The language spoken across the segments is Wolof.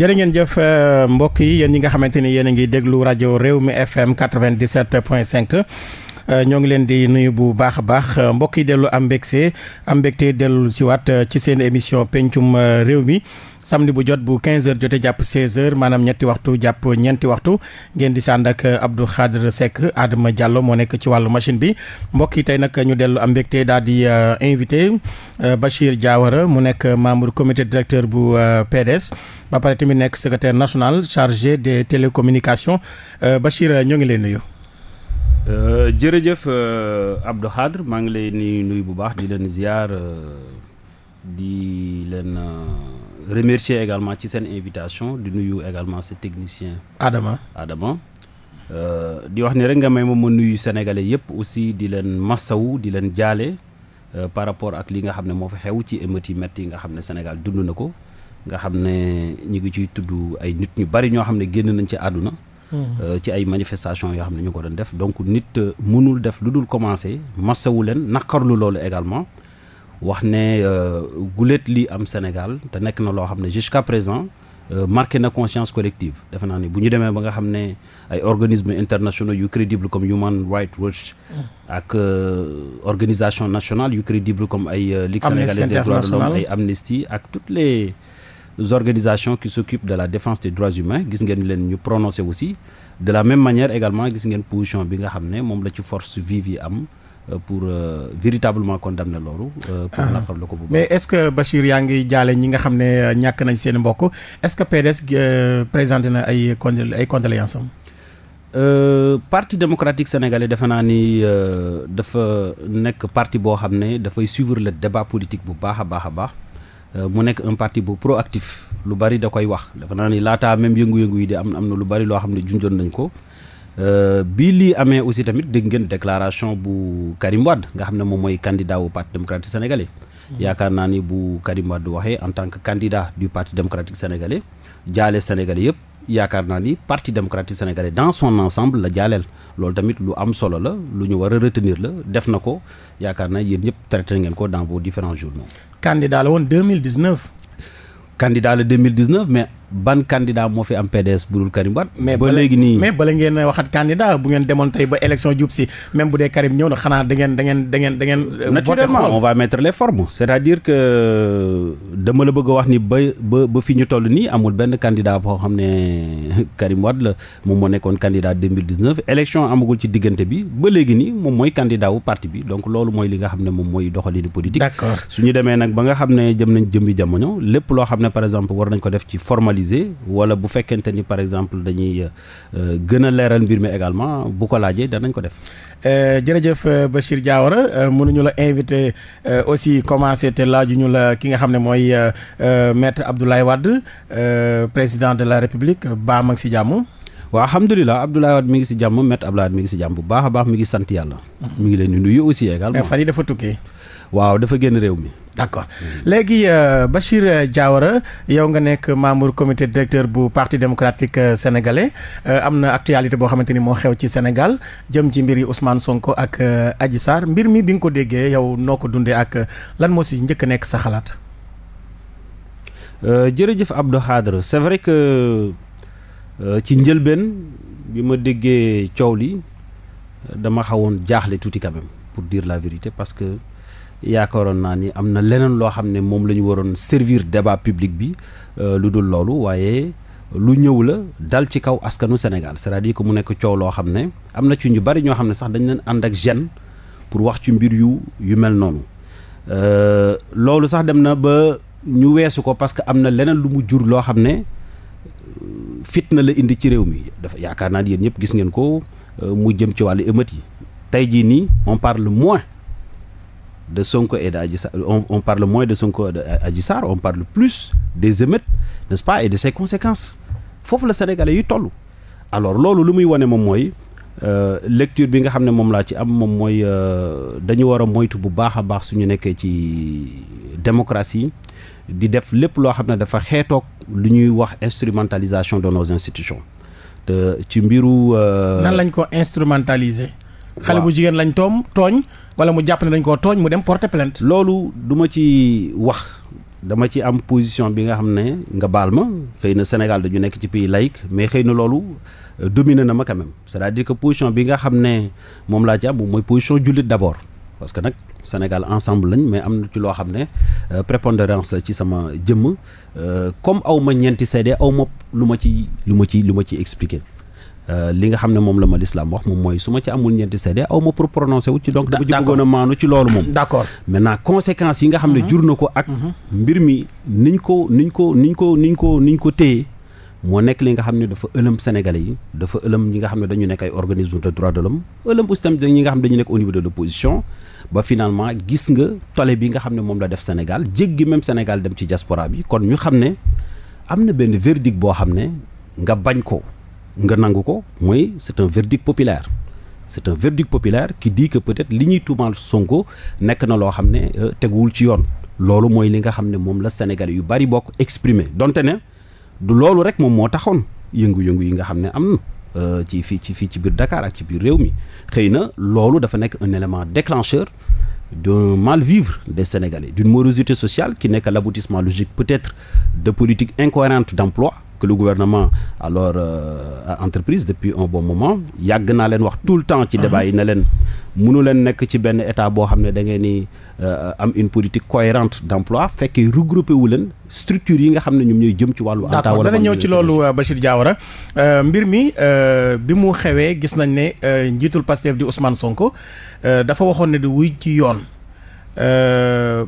jërë ngeen jëf euh, mbokk yi yéen ñi nga xamante ni yéen a ngi déglu rajo réew mi FM 97 point 5 euh, ñoo ngi leen di nuyu bu baax a baax mbokk yi dellu am mbégte am mbégte dellu si waat euh, ci seen émission pencum réew mi. samedi bu jot bu 15h jotee jàpp 16h maanaam ñetti waxtu jàpp ñeenti waxtu ngeen di sànd ak Abdou Khadre Seck Adama Diallo moo nekk ci wàllu machine bi mbokk yi tey nag ñu dellu am mbégte daal di euh, invité euh, Bachir Diawara mu nekk membre comité directeur bu euh, PDS ba pare tamit nekk secrétaire national chargé des télécommunications Bachir ñoo ngi lay nuyu. jërëjëf Abdou Khadre maa ngi lay nuyu bu baax di leen ziar di leen. remercier également ci seen invitation di nuyu également sa technicien. Adama Adama. Euh, di wax ni rek nga may moom ma nuyu sénégalais yëpp aussi di leen massawu di leen jaale euh, par rapport ak li nga xam ne moo fa xew ci émeutes yi métti yi nga xam ne Sénégal dund na ko nga xam ne ñu ngi ciy tudd ay nit ñu bari ñoo xam ne génn nañ ci àdduna. Hmm. Euh, ci ay manifestations yoo xam ne ñu ko doon def donc nit munul def lu dul commencer massawu leen naqarlu loolu également. wax ne euh, guléet li am Sénégal te nekk na loo xam ne jusqu'à présent euh, marqué na conscience collective defe naa ni bu ñu demee ba nga xam ne ay organismes internationaux yu crédible comme Human Rights Watch hmm. ak euh, organisation nationale yu crédible comme ay Ligue sénégalaise des droits de l'homme ay Amnesty ak toutes les organisations qui s'occupent de la défense des droits humains gis ngeen leen ñu prononcé aussi de la même manière également gis ngeen position bi nga xam ne moom la ci force vive yi am Euh, pour euh, véritablement condamner loolu. Euh, pour nga xam la ko bu mais est-ce que Bachir yaa ngi jaale ñi nga xam ne ñàkk nañ seen mbokk est-ce que PDS présenté na ay condoléances ay condoléances am Euh, parti démocratique sénégalais defe naa ni euh, dafa nekk parti boo xam ne dafay suivre le débat politique bu baax a baax a baax mu nekk un parti bu proactif lu bari da koy wax defe naa ni laataa même yëngu-yëngu yi di am am na lu bari loo xam ne junjoon nañ ko. Euh, bi lii amee aussi tamit dégg ngeen déclaration bu Karim Wade nga xam ne moom mooy candidat wu parti démocratique sénégalais. Mm-hmm. yaakaar naa ni bu Karim Wade waxee en tant que candidat du parti démocratique sénégalais jaale sénégalais yëpp. yaakaar naa ni parti démocratique sénégalais dans son ensemble la jaaleel loolu tamit lu am solo la lu ñu war a retenir la def na ko yaakaar naa yéen ñëpp traité ngeen ko dans vos différents journaux. candidat la woon ban candidat moo fi am PDS bu dul Karim Wade. ba léegi nii mais bala ngeen waxat candidat bu ngeen demoon tey ba élection jub si bu dee Karim ñëw na xanaa da ngeen da ngeen ngeen da ngeen. Euh, naturellement on va mettre les formes. c'est-à-dire que euh, la bëgg wax ni ba ba ba fi ñu toll nii amul benn candidat boo xam ne Karim Wade la moom moo nekkoon candidat 2019 élection amagul ci diggante bi ba léegi nii moom mooy candidat wu parti bi donc loolu mooy li nga xam ne moom mooy doxalinu politique. d'accord su ñu demee nag ba nga xam ne jëm nañ jëmbi jamono lépp loo xam ne par exemple war nañ ko def ci formalité généraliser wala bu fekkente ni par exemple dañuy euh, gën a leeral mbir mi également bu ko laajee danañ ko def. Euh, jërëjëf euh, Bachir Diawara mënuñu la invité aussi commencé te laajuñu la ki nga xam ne mooy maître Abdoulaye Wade président de la République baa mag si jàmm. waaw alhamdulilah Abdoulaye Wade mi ngi si jàmm maître Abdoulaye Wade mi ngi si jàmm bu baax a baax mi ngi sant yàlla. Mhm. mi ngi leen di nuyu aussi également. fan yi dafa tukkee. waaw dafa génn réew mi. d'accord léegi euh, Bachir Diawara yow nga nekk membre comité directeur bu parti démocratique euh, sénégalais euh, am na actualité boo xamante ni moo xew ci Sénégal jëm ci mbir yi Ousmane Sonko ak Adji Sarr mbir mi bi nga ko déggee yow noo ko dundee ak lan moo si njëkk nekk sa xalaat. jërëjëf Abdou Khadre c'est vrai que ci njëlbeen bi ma déggee coow li dama xawoon jaaxle tuuti quand pour dire la vérité parce que. yaakaaroon naa ni am na leneen loo xam ne moom la ñu waroon servir débat public bi euh, lu dul loolu waaye lu ñëw la dal ci kaw askanu Sénégal c'est-à-dire mu nekk coow loo xam ne am na ci ñu bari ñoo xam ne sax dañ leen ànd ak gêne pour wax ci mbir yu yu mel noonu euh, loolu sax dem na ba ñu weesu ko parce que am na leneen lu mu jur loo xam ne euh, fitna la indi ci réew mi dafa yaakaar naa ni yéen ñëpp gis ngeen ko mu jëm ci wàllu émeute yi tey jii nii on parle moins de Sonko et d'Adji Sarr on, on parle moins de Sonko et d'Adji Sarr on parle plus des émeutes n'est-ce pas et de ses conséquences foofu la sénégalais yu toll alors loolu lu muy wane moom mooy euh, lecture bi nga xam ne moom laa ci am moom mooy euh, dañu war a moytu bu baax a baax suñu nekkee ci démocratie di def lépp loo xam ne dafa xeetoog lu ñuy wax instrumentalisation de nos institutions te ci mbiru euh, nan lañ ko instrumentaliser xale bu jigéen lañ toom tooñ wala mu jàpp nañ koo tooñ mu dem porter plainte loolu duma ci wax dama ci am position bi nga xam ne nga baal ma xëy na Sénégal dañu nekk ci pays laïque mais xëy na loolu euh, dominé na ma quand même c'est-à-dire que position bi nga xam ne moom laa ci am mooy position jullit d'abord parce que nag Sénégal ensemble lañ mais am na ci loo xam ne euh, prépondérance la ci sama jëmm euh, comme aw ma ñeenti seede aw ma lu ma ci lu ma ci lu ma ci expliquer Euh, li nga xam ne moom la ma lislaam wax moom mooy su ma ci amul ñeenti seede aw ma pour prononcer wu ci donc dama ci bëggoon a maanu ci loolu moom d'accord maintenant conséquences yi nga xam ne mhm. jur na ko ak mhm. mbir mi niñ ko niñ ko niñ ko niñ ko niñ ko téye moo nekk li nga xam ne dafa ëlëm sénégalais yi dafa ëlëm ñi nga xam ne dañu nekk ay organisme de droit de l'homme ëlëm aussi tamit ñi ne dañu nekk au niveau de l'opposition ba finalement gis nga tole bi nga xam ne moom la def Sénégal jéggi même Sénégal dem ci diaspora bi kon ñu xam ne am na benn verdict boo xam ne nga bañ ko nga nangu ko mooy c'est un verdict populaire c'est un verdict populaire qui dit que peut-être li ñuy tuumaal Sonko nekk na loo xam ne euh, teguwul ci yoon loolu mooy li nga xam ne moom la Sénégalais yu bari bokk exprimer donte ne du loolu rek moom moo taxoon yëngu-yëngu yi nga xam ne am na euh, ci fii ci fii ci biir dakaar ak ci biir réew mi xëy na loolu dafa nekk un élément déclencheur d'un mal-vivre de Sénégalais du morosité sociale ki nekk que l'aboutissement logique peut-être de politiques incohérentes d'emploi que le gouvernement alors euh, a entreprise depuis un bon moment yàgg naa leen wax tout le temps ci débat yi ne leen munu leen nekk ci benn état boo xam ne da ngeen ni euh, am une politique cohérente d'emploi fekkee regroupé wu leen structures yi nga xam ne ñoom ñooy jëm ci wàllu ata wala dana ñëw ci loolu euh, Bachir Diawara mbir mi bi mu xewee gis nañ ne njiitul Pastef di Ousmane Sonko dafa waxoon ne di wuy ci yoon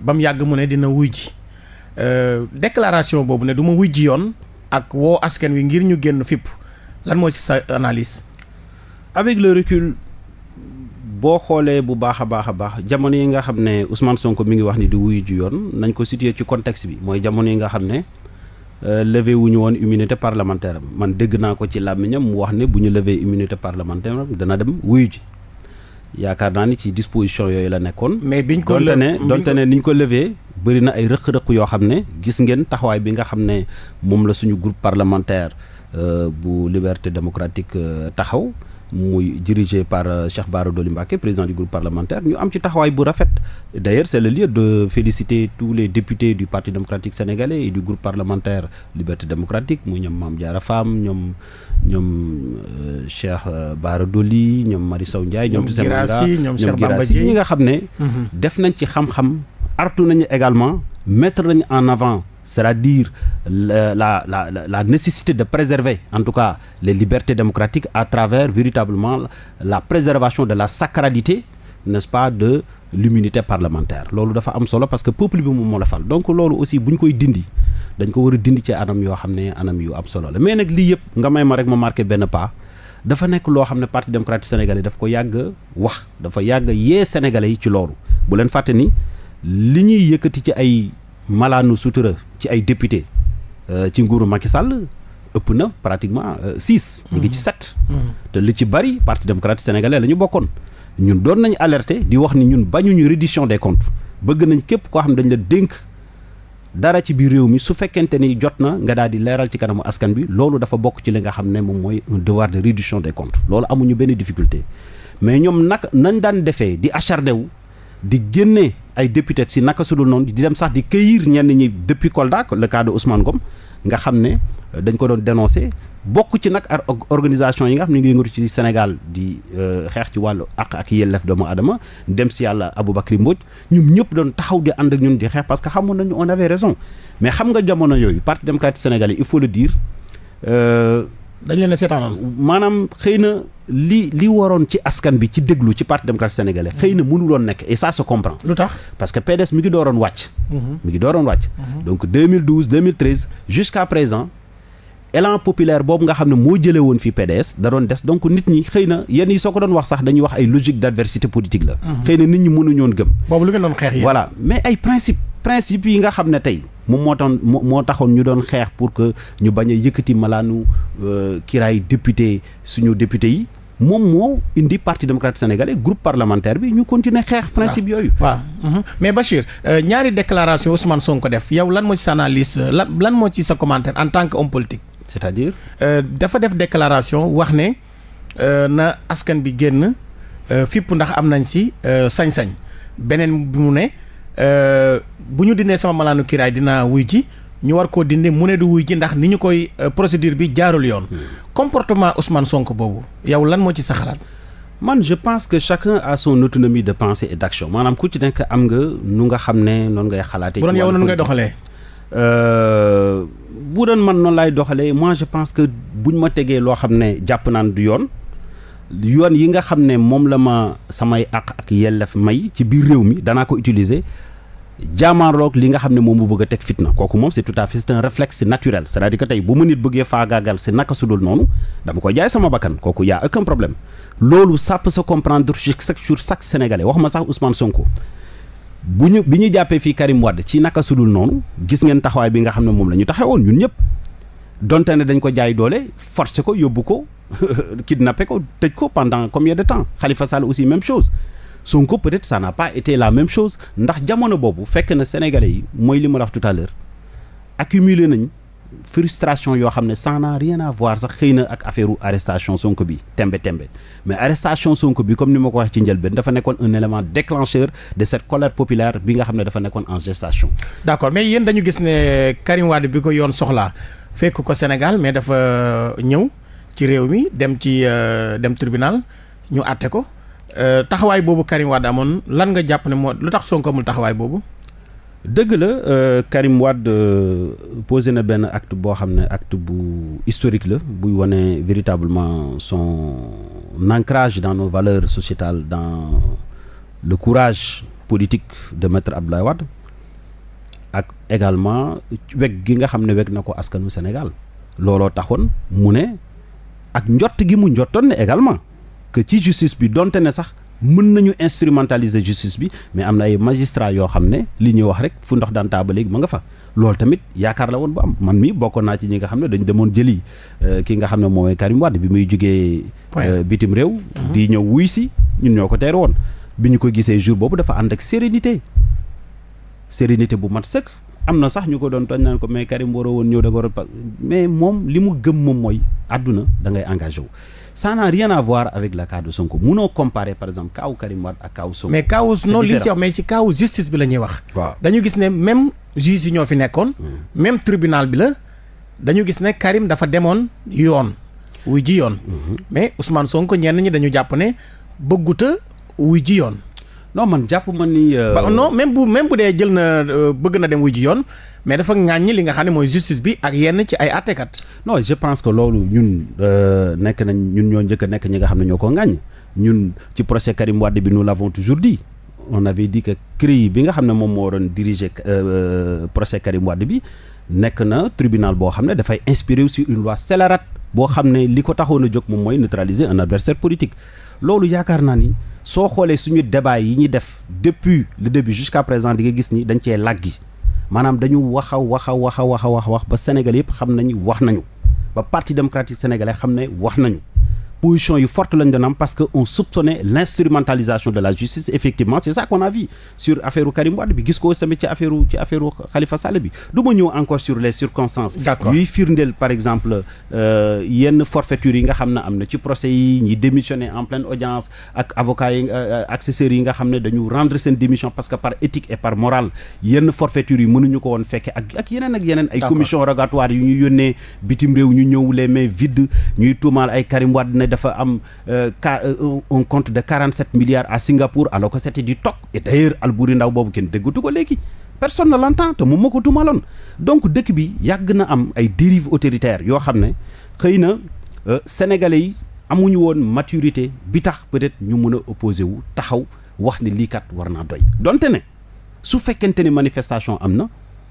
ba mu yàgg mu ne dina wuy ji déclaration boobu ne du ma wuy ji yoon ak woo askan wi ngir ñu génn fipp lan moo ci sa analyse. avec le boo xoolee bu baax a baax a baax jamono yi nga xam ne Ousmane Sonko mi ngi wax ni di wuyu ju yoon nañ ko situer ci contexte bi mooy jamono yi nga xam ne. Euh, levé wu ñu woon immunité parlementaire am man dégg naa ko ci làmmiñam mu wax ne bu ñu levé immunité parlementaire am dana dem wuyu ji yaakaar naa ni ci disposition yooyu la nekkoon. mais biñ ko donte ne donte ne niñ ko levé bëri na ay rëq-rëq yoo xam ne gis ngeen taxawaay bi nga xam ne moom la suñu groupe parlementaire euh, bu liberté démocratique euh, taxaw. muy dirigé par euh, Cheikh Bara Dolly Mbacké président du groupe parlementaire ñu am ci taxawaay bu rafet d'ailleurs c'est le lieu de féliciter tous les députés du Parti démocratique sénégalais et du groupe parlementaire Liberté démocratique muy ñoom Mame Diarra Fam ñoom ñoom euh, Cheikh euh, Bara Dolly ñoom Marie Sow Ndiaye ñoom Girassi ñoom Cheikh Bamba Dièye ñi nga xam ne mhm. def nañ ci xam-xam artu nañu également mettre nañu en avant c'est-à-dire la, la, la, la, nécessité de préserver, en tout cas, les libertés démocratiques à travers véritablement la préservation de la sacralité, n'est-ce pas, de l'immunité parlementaire. loolu dafa am solo parce que peuple bi moom moo la fal donc loolu aussi bu ñu koy dindi dañ ko war a dindi ci anam yoo xam ne anam yu am solo la mais nag lii yëpp nga may ma rek ma marqué benn pas dafa nekk loo xam ne parti démocratique sénégalais daf ko yàgg wax dafa yàgg yee sénégalais yi ci loolu bu leen fàtte ni li ñuy yëkkati ci ay. malaanu sutura ci ay député euh, ci nguuru Macky Sall ëpp na pratiquement euh, six. ñu ngi ci mm-hmm. sept. Mm-hmm. te li ci bari parti démocratique sénégalais la ñu bokkoon ñun doon nañu alerte di wax ni ñun bañuñu reddition des comptes bëgg nañ képp koo xam ne dañ la dénk. dara ci biir réew mi su fekkente ni jot na nga daal di leeral ci kanamu askan bi loolu dafa bokk ci li nga xam ne moom mooy un devoir de réduction des comptes loolu amuñu benn difficulté mais ñoom nag nañ daan defee di acharné wu di génne ay député si naka sudul noonu di dem sax di cueillir ñenn ñi depuis Kolda le cas de Ousmane Gom nga xam ne euh, dañ ko doon dénoncé bokk ci nag organisation yi nga xam ne ñu ngi yëngatu ci Sénégal di euh, xeex ci wàllu àq ak yelleef doomu adama dem si yàlla Aboubacry Mbodj ñun ñëpp doon taxaw di ànd ak ñun di xeex parce que xamoon nañu on avait raison mais xam nga jamono yooyu parti démocratique sénégalais il faut le dire. Euh, dañ maanaam xëy na li li waroon ci askan bi ci déglu ci parti démocratique sénégalais xëy na mënuloon nekk et ça se comprend lu tax parce que PDS mi ngi dooroon wàcc mhm. mi ngi dooroon mhm. donc jusqu'à présent élan populaire boobu nga xam ne moo jële woon fi PDS da doon des donc nit ñi xëy na yenn yi soo ko doon wax sax dañuy wax ay logique d'adversité politique la mhm. xëy na nit ñi mënuñoon gëm boobu lu ngeen doon xeex yi voilà mais ay principe principe yi nga xam ne tey moom moo taxoon moo taxoon ñu doon xeex pour que ñu bañ a yëkkati malaanu euh, kiraay député suñu député yi moom moo indi parti démocratique sénégalais groupe parlementaire bi ñu continuer xeex principe yooyu. waaw mhm. mais Bachir euh, ñaari déclaration déclaration Ousmane ko def yow lan moo ci sa analyse euh, lan lan moo ci sa commentaire en tant que homme politique. c'est-à-dire. dafa def déclaration wax ne na askan bi génn fipp ndax am nañ ci sañ-sañ beneen bi ne. Euh, bu ñu dindee sama malaanu kiraay dinaa wuy ji ñu war koo dindi mu ne du wuy ji ndax ni ñu koy euh, procédure bi jaarul yoon. Hmm. comportement Ousmane Sonko boobu yow lan moo ci sa xalaat. man je pense que chaque chacun a son autonomie de pensée et d'action maanaam ku ci nekk am nga nu nga xam ne noon ngay xalaatee. bu doon yow noonu ngay doxalee. Euh, bu doon man noonu laay doxalee moi je pense que buñ ma tegee loo xam ne jàpp naan du yoon. yoon yi nga xam ne moom la ma samay àq ak yellef may ci biir réew mi danaa ko utiliser jaamaaroog li nga xam ne moom mu bëgg a teg fitna kooku moom c'est tout à fait c'est un naturel c'est-à-dire que tey bu ma nit bëggee faagaagal si naka sudul noonu dama koy jaay sama bakkan kooku yaa a aucun problème loolu ça peut se comprendre sur chaque wax ma sax Ousmane Sonko bu ñu bi ñu jàppee fii Karim Wade ci naka sudul noonu gis ngeen taxawaay bi nga xam ne moom la ñu taxawoon ñun ñëpp donte ne dañ ko jaay doole force ko yóbbu ko kidnappé ko tëj ko pendant combien de temps Khalifa Sall aussi même chose Sonko peut-être ça n'a pas été la même chose ndax jamono boobu fekk na sénégalais yi mooy li ma la wax tout à l'heure accumulé nañ frustration yoo xam ne ça n'a rien à sax xëy na ak affaire arrestation Sonko bi tembe tembe mais arrestation Sonko bi comme ni ma ko waxee ci njëlbeen dafa nekkoon un élément déclencheur de cette colère populaire ne dafa nekkoon en gestation. d'accord mais yéen dañu gis ne yoon soxlaa. fekk ko Sénégal mais dafa euh, ñëw ci réew mi dem ci euh, dem tribunal ñu àtte ko euh, taxawaay boobu Karim amoon lan nga jàpp ne moo lu tax Sonko amul taxawaay boobu. dëgg la euh, Karim Wade euh, na benn acte boo xam ne acte bu historique la buy wane véritablement son ancrage dans nos valeurs sociétales dans le courage politique de maître Abdoulaye Wade ak également weg gi nga xam ne weg na ko askanu Sénégal looloo taxoon mu ne ak njott gi mu njottoon ne également que ci justice bi donte ne sax mën nañu instrumentaliser justice bi mais am na ay magistrats yoo xam ne li ñuy wax rek fu ndox daan taa mu nga fa lool tamit yaakaar la woon bu am man mii bokkoon naa ci ñi nga xam ne dañ demoon jëli euh, ki nga xam ne mooy Karim Wade bi muy jógee euh, bitim réew mhm. di ñëw wuy si ñun ñoo ko teer woon bi ñu ko gisee jour boobu dafa ànd ak sérénité sérénité bu mat sëkk am na sax ñu ko doon tooñ naan ko mais Karim waroo woon ñëw da ko mais moom li mu gëm moom mooy àdduna da ngay engagé wu ça n'a rien à voir avec le cas de Sonko munoo comparer par exemple kaawu Karim Wade ak kaawu Sonko mais kaawu noonu si wax mais kaawu justice bi la ñuy wax waaw dañu gis ne même juge yi ñoo fi nekkoon hmm. même tribunal bi la dañu gis ne Karim dafa demoon yoon wuy ji yoon hmm. mais Ousmane Sonko ñenn ñi dañu jàpp ne bëgguta wuy ji yoon non man jàpp ma ni. Euh, ba non même bu même bu dee jël na euh, bëgg na dem wuy ji yoon mais dafa ŋàññi li nga xam ne mooy justice bi ak yenn ci ay àttekat. non je pense que loolu ñun euh, nekk nañ ñun ñoo njëkk nekk ñi nga xam ne ñoo ko ŋàññ ñun ci procès Karim Wade bi nous l'avons toujours dit on avait dit que CREI bi nga xam ne moom moo doon diriger procès Karim Wade bi nekk na tribunal boo xam ne dafay inspiré aussi une loi scélérate. boo xam ne li ko taxoon a jóg moom mooy neutraliser un adversaire politique loolu yaakaar naa ni soo xoolee suñu débat yi ñuy def depuis le début jusqu'à présent di nga gis ni dañ cee làggi maanaam dañu wax a wax a wax a wax a wax ba Sénégal yëpp xam nañu wax nañu ba parti démocratique sénégalais xam ne wax nañu position yu forte lañ doon parce que on soupçonnait l'instrumentalisation de la justice effectivement c'est ça qu'on a sur affaire Karim bi gis ko tamit ci affaire ci affaire Khalifa Sall bi du ma ñëw encore sur les circonstances euh, yi ñi démissionné en pleine audience ak avocats yi euh, yi nga xam ne dañu rendre seen démission par éthique et par morale yenn forfaiture yi mënuñu ko woon fekke ak yeneen ak yeneen ay commission rogatoire yu ñu yónnee dafa am euh, euh, un compte de 47 milliards à Singapour alors que c'était du toc et d'ailleurs Albouri Ndaw boobu kenn déggatu ko léegi personne ne l'entend te moom moo ko tuumaloon donc dëkk bi yàgg na am ay dérives autoritaires yoo xam ne xëy na euh, sénégalais yi amuñu woon maturité bi tax peut-être ñu mun a opposé wu taxaw wax ne lii kat war naa doy donte ne su fekkente ne manifestation am na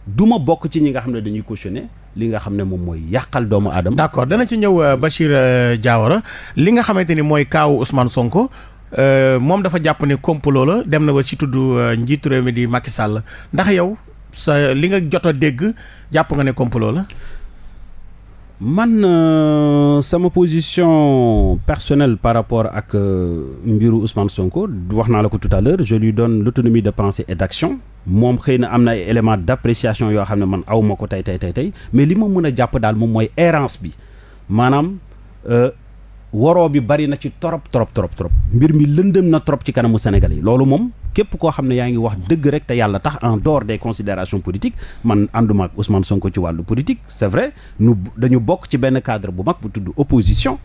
du ma bokk ci ñi nga xam ne dañuy cautionner li nga xam ne moom mooy yàqal doomu aadama. d'accord dana ci ñëw euh, Bachir euh, Diawara li nga xamante ni mooy kaawu Ousmane Sonko euh, moom dafa jàpp ne complot la dem na ba ci tudd njiitu réew mi di Macky Sall ndax yow sa li nga jot a dégg jàpp nga ne complot la. man euh, sama position personnelle par rapport ak euh, mbiru Ousmane Sonko wax naa la ko tout à l'heure je lui donne l'autonomie de pensée et d'action moom xëy na am na ay éléments d'appréciation yoo xam ne man awma ko tey tey tey tey mais li ma mën a jàpp daal moom mooy errance bi maanaam euh, waroo bi bari na ci trop trop trop trop mbir mi lëndëm na trop ci kanamu Sénégal yi loolu moom képp koo xam ne yaa ngi wax dëgg rek te yàlla tax en dehors de considérations politiques man ànduma ak Ousmane ko ci wàllu politique c'est vrai nu dañu bokk ci benn cadre bu mag bu tudd opposition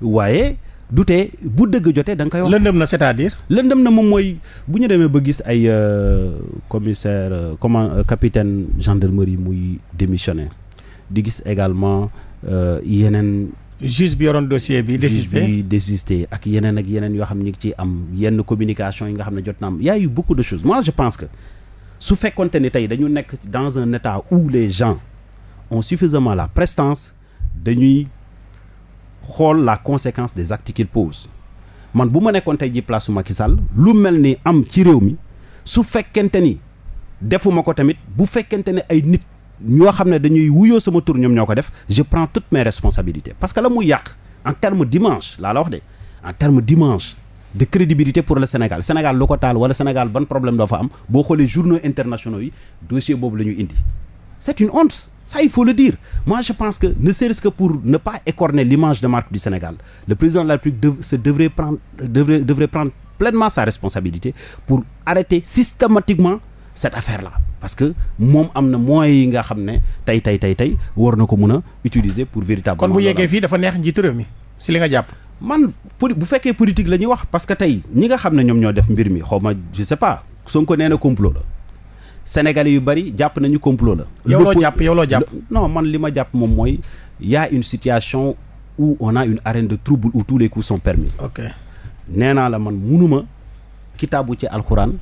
waaye du bu dëgg jotee da nga koy wax. lëndëm na c'est-à-dire. lëndëm na moom mooy bu ñu demee ba gis ay euh, commissaire euh, comment euh, capitaine gendarmerie muy démissionnaire di gis également yeneen. juge bi yoroon dossier bi. désisté juge ak yeneen ak yeneen yoo xam ñu ngi ciy am yenn communication yi nga xam ne jot na am y a eu beaucoup de choses moi je pense que su fekkonte ni tey dañu nekk dans un état où les gens on suffisamment la prestance dañuy xool la conséquence des actes qu'ils man bu ma nekkoon tey ji place Macky Sall lu mel ni am ci réew mi su fekkente ni defuma ko tamit bu fekkente ne ay nit. ñoo xam ne dañuy wuyoo sama tur ñoom ñoo ko def je prends toutes mes responsabilités parce que la muy yàq en terme dimanche laa la wax de en terme dimanche de crédibilité pour le Sénégal Sénégal lu ko wala Sénégal ban problème doo fa am boo xoolee journaux internationaux yi dossier boobu la ñu indi c'est une honte ça il faut le dire moi je pense que ne serait-ce que pour ne pas écorner l'image de marque du Sénégal le président de la République de, se devrait prendre devrait devrait prendre pleinement sa responsabilité pour arrêter systématiquement parce que moom am na moyens yi nga xam ne tey tey tey tey war na ko mun a utiliser pour véritable kon bu yeggee fii dafa neex njiitu réew mi si li nga jàpp man pour bu fekkee politique la ñuy wax parce que tey ñi nga xam ne ñoom ñoo def mbir mi xaw ma je sais pas Sonko nee na complot la sénégalais yu bari jàpp nañu complot la yow loo jàpp yow jàpp non man li ma jàpp moom mooy y une situation où on a une arène de trouble où tous les coups sont permis ok nee naa la man munuma kitaabu ci alxuraan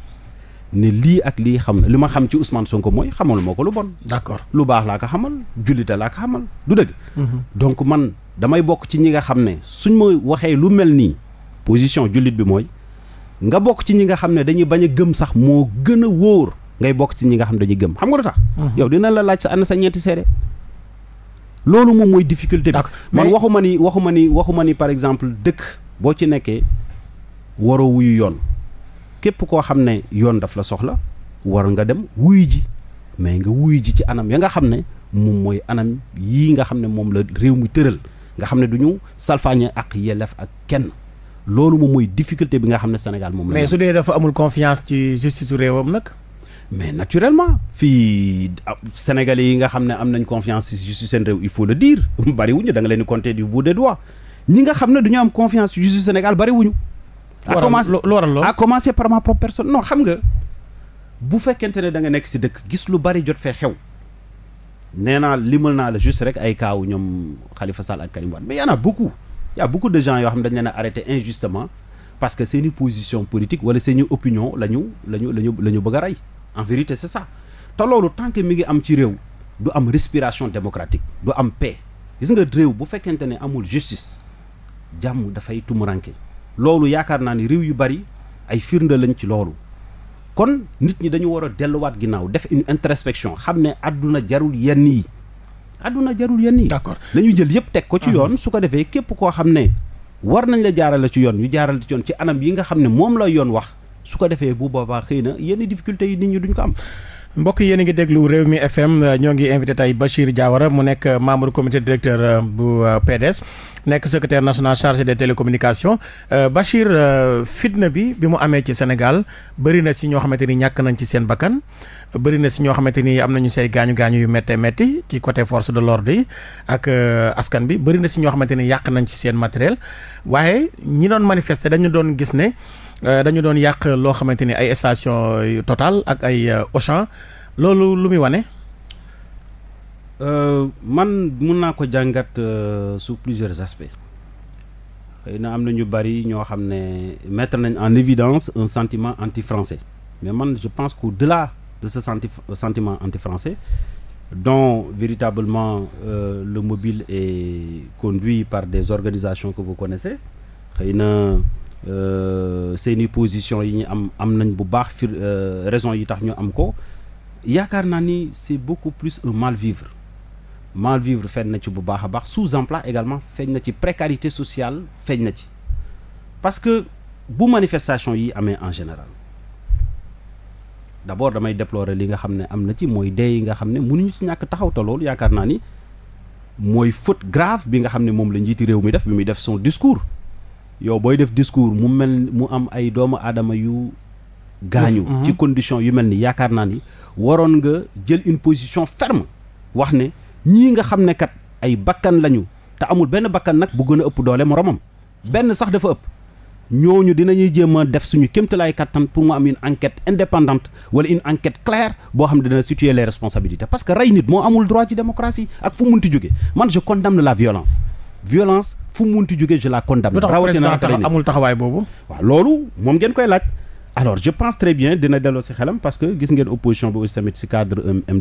ne lii ak lii xam na li ma xam ci Ousmane ko mooy xamal moo ko lu bon. d'accord lu baax laa ko xamal jullite laa ko xamal du dëgg. Mhm. donc man damay bokk ci ñi nga xam ne suñ ma waxee lu mel nii position jullit bi mooy nga bokk ci ñi nga xam ne dañuy bañ a gëm sax moo gën a wóor ngay bokk ci ñi nga xam dañuy gëm xam nga lu tax. Mhm. yow dina la laaj sa ana sa ñetti seede. loolu moom mooy difficulté bi man waxuma ni waxuma ni waxuma ni par exemple dëkk boo ci nekkee waroo wuyu yoon. képp koo xam ne yoon dafa la soxla war nga dem wuy ji mais nga wuy ji ci anam ya nga xam ne moom mooy anam yii nga xam ne moom la réew mu tëral nga xam ne du ñu salfaañe ak yelleef ak kenn loolu moom mooy difficulté bi nga xam ne Sénégal moom la. mais su dee dafa amul confiance ci justice su réewam nag. mais naturellement fii Sénégalais yi nga xam ne am nañ confiance ci justice seen réew il faut le dire bari wuñu da nga leen di bu du bout des doigts ñi nga xam ne du am confiance ci Sénégal bari à commencer lu waral lool à commencer par ma propre personne non xam nga bu fekkente ne da nga nekk si dëkk gis lu bari jot fee xew nee naa limal naa la juste rek ay kaawu ñoom xalifa Sall ak Karim mais y en a beaucoup y a beaucoup de gens yoo xam ne dañ leen a arrêté injustement parce que seeni position politique wala seeni opinion la ñu la ñu la ñu ñu bëgg rey en vérité c'est ça te loolu tant mi ngi am ci réew du am respiration démocratique du am paix gis nga réew bu fekkente ne amul justice jàmm dafay tumuranke loolu yaakaar naa ni réew yu bari ay firnde lañ ci loolu kon nit ñi dañu war a delluwaat ginnaaw def une introspection xam ne àdduna jarul yenn yi àdduna jarul yenn yi d'accord lañu jël yëpp teg ko ci ah. yoon su ko defee képp koo xam ne war nañ la jaarale ci yoon yu jaarale ci yoon ci anam yi nga xam ne moom lay yoon wax su ko defee bu boobaa xëy na yenn difficultés yi nit ñi duñ ko am mbokk yéen a ngi déglu réew mi FM euh, ñoo ngi invité tey Bachir Diawara mu nekk euh, membre comité directeur euh, bu PDS nekk secretaire national chargé des télécommunications Bachir fitna bi bi mu amee ci Sénégal bëri na si ñoo xamante ni ñàkk nañ ci seen bakkan bëri na si ñoo xamante nii am nañu say gaañu gaañu yu méttee métti ci côté force de l'ordre yi ak askan bi bëri na si ñoo xamante ni yàq nañ ci seen matériel waaye ñi doon manifester dañu doon gis ne. Euh, dañu doon yàq loo xamante ni ay station yu Total ak ay euh, Auchan loolu lu muy wane. Euh, man mun naa ko jàngat sous plusieurs aspects xëy na am na ñu bari ñoo xam ne mettre nañ en évidence un sentiment anti-français mais man je pense qu'au-delà de ce senti sentiment anti-français dont véritablement euh, le mobile est conduit par des organisations que vous connaissez xëy na. Euh, seeni position yi ñu am am nañ bu baax fir euh, raison yi tax ñu am ko yaakaar naa ni c'est beaucoup plus un mal vivre mal vivre feeñ na ci bu baax a baax sous-emploi également feeñ na ci précarité sociale feeñ na ci parce que bu manifestation yi amee en général d'abord damay déplorer li nga xam ne am na ci mooy dee yi nga xam ne mënuñu ci ñàkk taxaw te loolu yaakaar naa ni mooy faute grave bi nga xam ne moom la njiiti réew mi def bi muy def son discours yow booy def discours mu mel mu am ay doomu aadama yu gaañu mhm. ci condition yu mel ni yaakaar naa ni waroon nga jël une position ferme wax ne ñii nga xam ne kat ay bakkan lañu te amul benn bakkan nag bu gën a ëpp doole moromam mhm. benn sax dafa ëpp ñooñu dinañuy jéem a def suñu kéemtalaay kattan pour mu am une enquête indépendante wala une enquête claire boo xam ne dina situer les responsabilités parce que nit moo amul droit ci démocratie ak fu munti jóge man je condamne la violence violence fu mu munti jóge je la condamne. rawatina amul taxawaay boobu. waaw loolu moom ngeen koy laaj. alors je pense très bien dina delloo si xelam parce que gis ngeen opposition bi aussi tamit si cadre m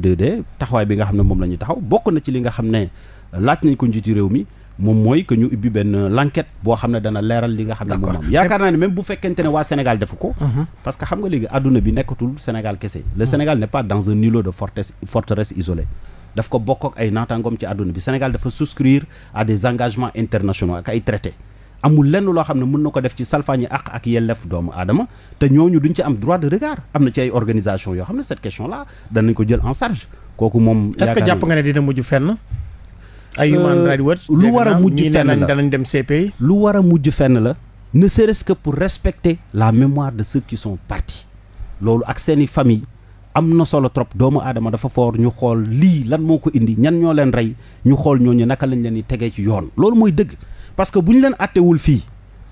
taxawaay bi nga xam ne moom la ñu taxaw bokk na ci li nga xam ne euh, laaj nañ ko njiitu réew mi. moom mooy que ñu ubbi benn euh, l'enquête boo xam ne dana leeral li nga xam ne moom am yaakaar naa ne même bu fekkente ne waa Sénégal defu ko uh-huh. parce que xam léegi àdduna bi nekkatul Sénégal kese le uh-huh. Sénégal n'est pas dans un îlot de forteresse daf ko bokk ay naataangoom ci àdduna bi Sénégal dafa souscrire à des engagements internationaux ak ay traités amul lenn loo xam ne mën na ko def ci salfaañi àq ak yelleef doomu aadama te ñu duñ ci am droit de regard am na ci ay organisation yoo xam ne cette question là danañ ko jël en charge kooku moom. est-ce que jàpp nga ne dina mujj fenn. ay euh, human rights watch lu war a mujj fenn la danañ dem CPI. lu war a mujj fenn la ne serait-ce pour respecter la mémoire de ceux qui sont partis loolu ak seeni famille. am na solo trop doomu aadama dafa foor ñu xool lii lan moo ko indi ñan ñoo leen rey ñu xool ñooñu naka lañ leen ni tegee ci yoon loolu mooy dëgg parce que bu ñu leen àttewul fii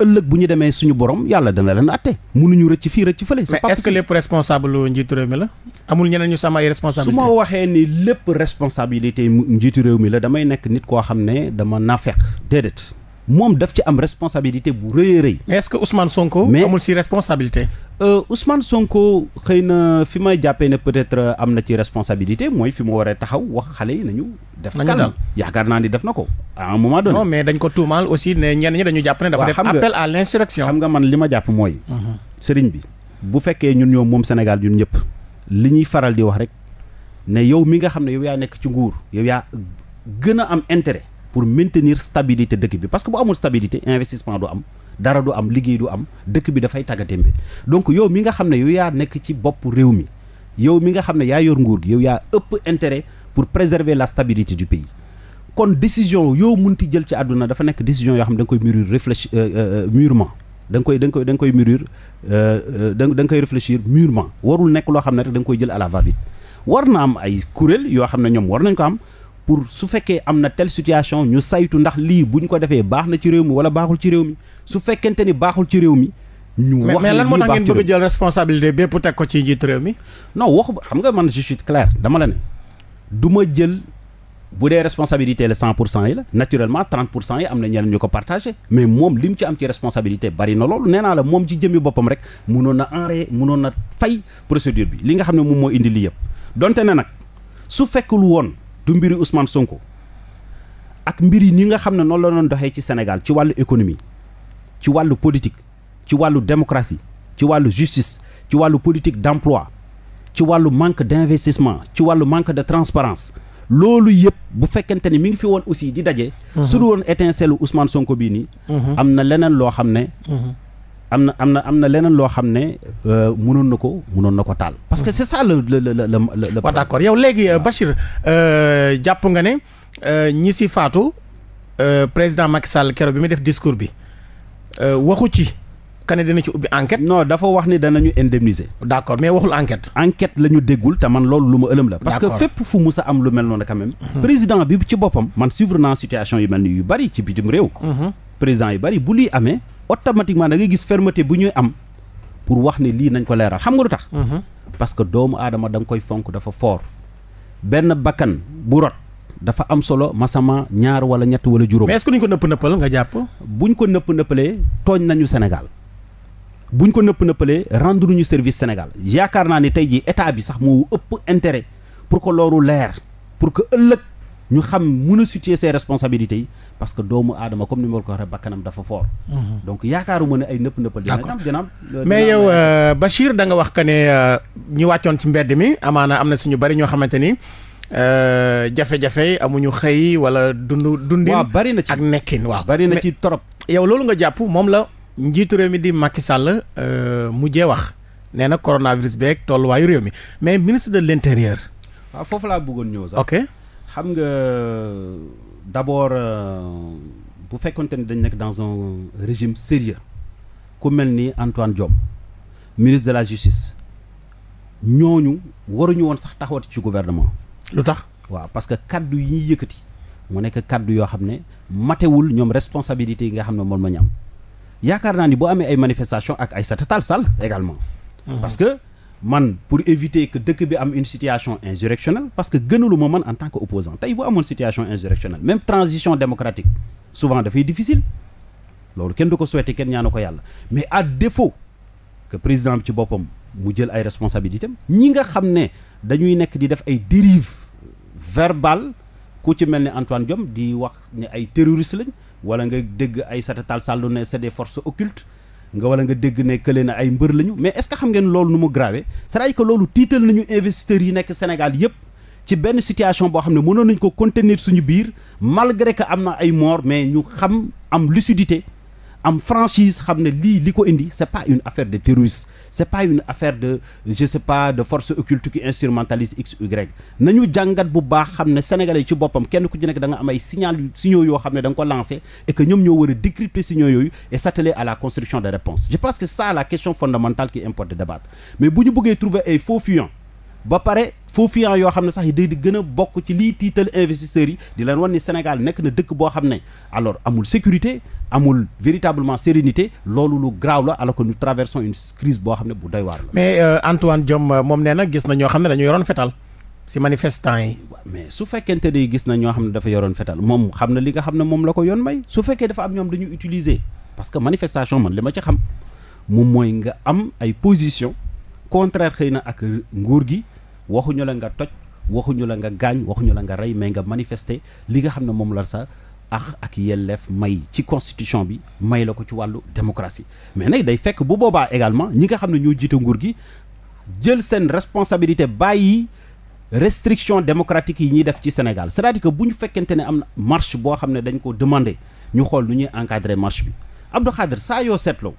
ëllëg bu ñu demee suñu borom yàlla dana leen àtte mënuñu rëcc fii rëcc fële. mais est-ce que lépp responsable njiitu réew mi la amul ñeneen ñu sama ay responsabilité su ma waxee ni lépp responsabilité njiitu réew mi la damay nekk nit koo xam ne dama naafeq déedéet moom daf ci am responsabilité bu rëyee a rëy. mais est-ce que Ousmane Sonko. mais amul ci responsabilité. Euh, Ousmane Sonko xëy na fi may jàppee ne peut-être euh, am na ci responsabilité mooy fi mu waree taxaw wax xale yi nañu. def calme yaakaar naa ni def na ko. ah un moment donné non mais dañ ko tuumaal aussi ne ñenn ñi dañu jàpp ne. dafa def appel à l'insurrection. xam nga man li ma jàpp mooy. Mhm. sëriñ bi bu fekkee ñun ñoom moom Sénégal ñun ñëpp. li ñuy faral di wax rek ne yow mi nga xam ne yow yaa nekk ci nguur yow yaa gën a am intérêt. pour maintenir stabilité dëkk bi parce que bu amul stabilité investissement du am dara du am liggéey du am dëkk bi dafay tàggatémbe donc yow mi nga xam ne yow yaa nekk ci bopp réew mi yow mi nga xam ne yaa yor nguur gi yow yaa ëpp intérêt pour préserver la stabilité du pays kon décision mun ti jël ci àdduna dafa nekk décision yoo xam ne da koy mûrir réfléchir euh, euh, mûrement da nga koy da nga koy da nga koy mûrir euh, da nga koy réfléchir mûrement warul nekk loo xam ne rek da koy jël à la va war na am ay kuréel yoo xam ne ñoom war nañ ko am pour su fekkee am na telle situation ñu saytu ndax lii bu ñu ko defee baax na ci réew mi wala baaxul ci réew mi su fekkente ni baaxul ci réew mi. ñu wax mais lan moo tax ngeen bëgg jël responsabilité bépp teg ko ci njiit réew mi. non xam nga man je suis clair dama la ne du ma jël bu dee responsabilité la cent pour cent yi la naturellement trente pour cent yi am na ñeneen ñu ko partagé mais moom li mu ci am ci responsabilité bari na loolu nee la moom ci jëmmi boppam rek munoon na enrayer munoon na fay procédure bi li nga xam ne moom moo indi lii yëpp donte ne nag su fekkul woon. du mbiri Ousmane Sonko ak mbir yi ni nga xam ne noonu la doon doxee ci Sénégal ci wàllu économie ci wàllu politique ci wàllu démocratie ci wàllu justice ci wàllu politique d'emploi ci wàllu manque d'investissement ci wàllu manque de transparence loolu yëpp bu fekkente ni mu ngi fi woon aussi di daje. Mhm. su dul woon étincelle Ousmane Sonko bii nii. Mhm. am na leneen loo xam ne. Mhm. am na am na am na leneen loo xam ne euh, mënoon na ko mënoon na ko taal. parce que c'est ça le le le le le. waaw d'accord yow léegi euh, Bachir euh, jàpp nga ne ñi si faatu président Macky Sall keroog bi muy def discours bi waxu ci. kane dina ci ubbi enquête. non dafa wax ni danañu indemniser. d'accord mais waxul enquête. enquête la ñu déggul te man loolu lu ma ëlëm la. parce que fépp fu musa am lu mel noonu quand même. Mhm. président bi ci boppam. man suivre naa situation yu mel ni yu bari ci bitim réew. Mhm. président yu bari bu luy amee. automatiquement da ngay gis fermeté bu ñuy am pour wax ne lii nañ ko leeral xam nga lu tax. Mhm. parce que doomu aadama da nga koy fonk dafa fort. benn bakkan bu rot dafa am solo masama ñaar wala ñett wala juróom. mais ko ce que duñ ko nëpp nëppal nga jàpp. buñ ko nëpp nëppalee tooñ nañu Sénégal. buñ ko nëpp nëppalee rendre ñu service Sénégal yaakaar naa ne tey jii état bi sax moo ëpp intérêt pour ko loolu leer pour que ëllëg. ñu xam mun a situer ses responsabilités yi parce que doomu aadama comme ni ma ko waxee bakkanam dafa fort. Mhm. donc yaakaaruma ne ay nëpp nëppal. dina am dina mais yow euh, Bachir danga wax que ne euh, ñi wàccoon ci mbedd mi amaana am na suñu bari ñoo xamante ni. Euh, jafe-jafe amuñu xëy wala dund dundin waaw bari na ci ak nekkin waaw bari na ci trop yow loolu nga jàpp moom la njiitu réew mi di Macky Sall mujjee wax nee na coronavirus beek tolluwaayu réew mi mais ministre de l'intérieur waaw foofu laa bëggoon ñëw ok xam nga d'abord euh, bu fekkonte ni dañ nekk dans un régime sérieux ku mel ni Antoine Diome ministre de la justice ñooñu waruñu woon sax taxawati ci gouvernement. lu tax waaw parce que kaddu yi ñuy yëkkati mu nekk kàddu yoo xam ne matewul ñoom responsabilité yi nga xam ne moom la ñu am yaakaar naa ni boo amee ay manifestation ak ay Aïssata Tall Sall également. parce man pour éviter que dëkk bi am une situation insurrectionnelle parce que gënalu ma man en tant que opposant tey bu amoon situation insurrectionnelle même transition démocratique souvent dafay difficile loolu kenn du ko souhaité kenn ñaanu ko yàlla mais à défo que président bi ci boppam mu jël ay responsabilités ñi nga xam ne dañuy nekk di def ay dérives verbales ku ci mel ne Antoine Diome di wax ne ay terroristes lañ wala nga dégg ay Aïssata Tall Sall ne c'est des forces occultes nga wala nga dégg ne kële na ay mbër lañu mais est-ce que xam ngeen loolu nu mu grave c'est-à-dire loolu tiital nañu investisseurs yi nekk senegal yépp ci benn situation boo xam ne mënoon nañ ko contenir suñu biir malgré que am na ay mort mais ñu xam am lucidité am franchise xam ne lii li ko indi c'est pas une affaire de terroriste c'est pas une affaire de je sais pas de force occulte qui instrumentalise x y nañu jàngat bu baax xam ne sénégalais ci boppam kenn ku ci nekk da nga signal signaux xam ne da nga ko lancé et que ñoom ñoo war a décrypter signaux yooyu et la construction des réponses je pense que ça la question fondamentale qui importe de débattre mais bu ñu bëggee trouver ay faux fuyants ba pare foofu fuyants yoo xam ne sax day di gën a bokk ci lii tiital investisseurs yi di leen wan ni Sénégal nekk na dëkk boo xam ne alors amul sécurité amul véritablement sérénité loolu lu graaw la alors que nous traversons une crise boo xam ne bu doy waar la. mais euh, Antoine Diome euh, moom nee na gis na ñoo xam ne dañu yoroon fetal si manifestant yi. mais su fekkente ni gis na ñoo xam ne dafa yoroon fetal moom xam na li nga xam ne moom la ko yoon may su fekkee dafa am ñoom dañu utiliser parce que manifestation man li ma ci xam moom mooy nga am ay position contraire xëy na ak nguur gi. waxuñu la nga toj waxuñu la nga gaañ waxuñu la nga rey mais nga manifester li nga xam ne moom la sa ax ak yelleef may ci constitution bi may la ko ci wàllu démocratie mais nag day fekk bu boobaa également ñi nga xam ne ñoo jiite nguur gi jël seen responsabilité bàyyi restriction démocratique yi ñuy def ci Sénégal cest bu ñu fekkente ne am na marche boo xam ne dañ ko demander ñu xool lu ñuy encadrer marche bi Abdou Khadre saa yoo seetloo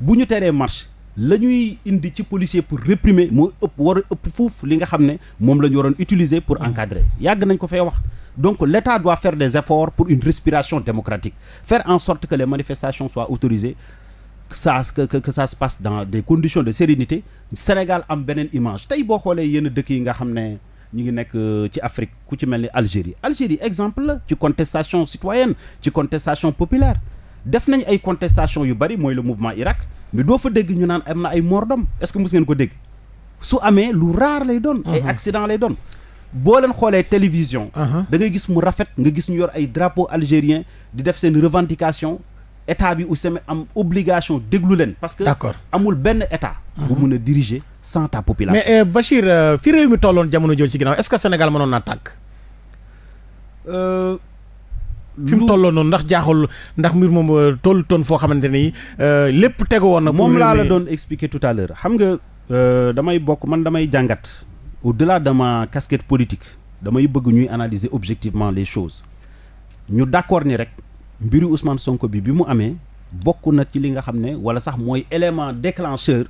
bu ñu teree marche la ñuy indi ci policier pour réprimer moo ëpp war a ëpp fuuf li nga xam ne moom la ñu waroon utiliser pour encadrer yàgg nañ ko fee wax donc l' état doit faire des efforts pour une respiration démocratique faire en sorte que les manifestations soient autorisées que ça que, que, se passe dans des conditions de sérénité Sénégal am beneen image tey boo xoolee yenn dëkk yi nga xam ne ñu ngi nekk euh, ci Afrique ku ci mel ni Algérie Algérie exemple ci contestation citoyenne ci contestation populaire def nañ ay contestation yu bari mooy le mouvement Irak mais doo fa dégg ñu naan am na ay mordom d'homme est-ce que mos ngeen ko dégg su amee lu raar lay doon. ay uh-huh. accident lay doon. boo leen xoolee télévision. Uh-huh. da ngay gis mu rafet nga gis ñu yor ay drapeau algérien di def seen revendication état bi aussi am obligation déglu leen. parce que amul benn état. bu uh-huh. mun a diriger santa ta population. mais euh, Bachir euh, fi réew mi tolloon jamono jooju si ginnaaw est-ce que Sénégal mënoon naa takk euh, fi mu tolloo noonu ndax jaaxul ndax mbir moom euh, tollu toon foo xamante ni euh, lépp tegu woon na. moom laa la doon expliquer tout à l'heure xam nga euh, damay bokk man damay jàngat au-delà de ma casquette politique damay bëgg ñuy analyser objectivement les choses ñu d'accord ni rek mbiru Ousmane Sonko bi bi mu amee bokk na ci li nga xam ne wala sax mooy élément déclencheur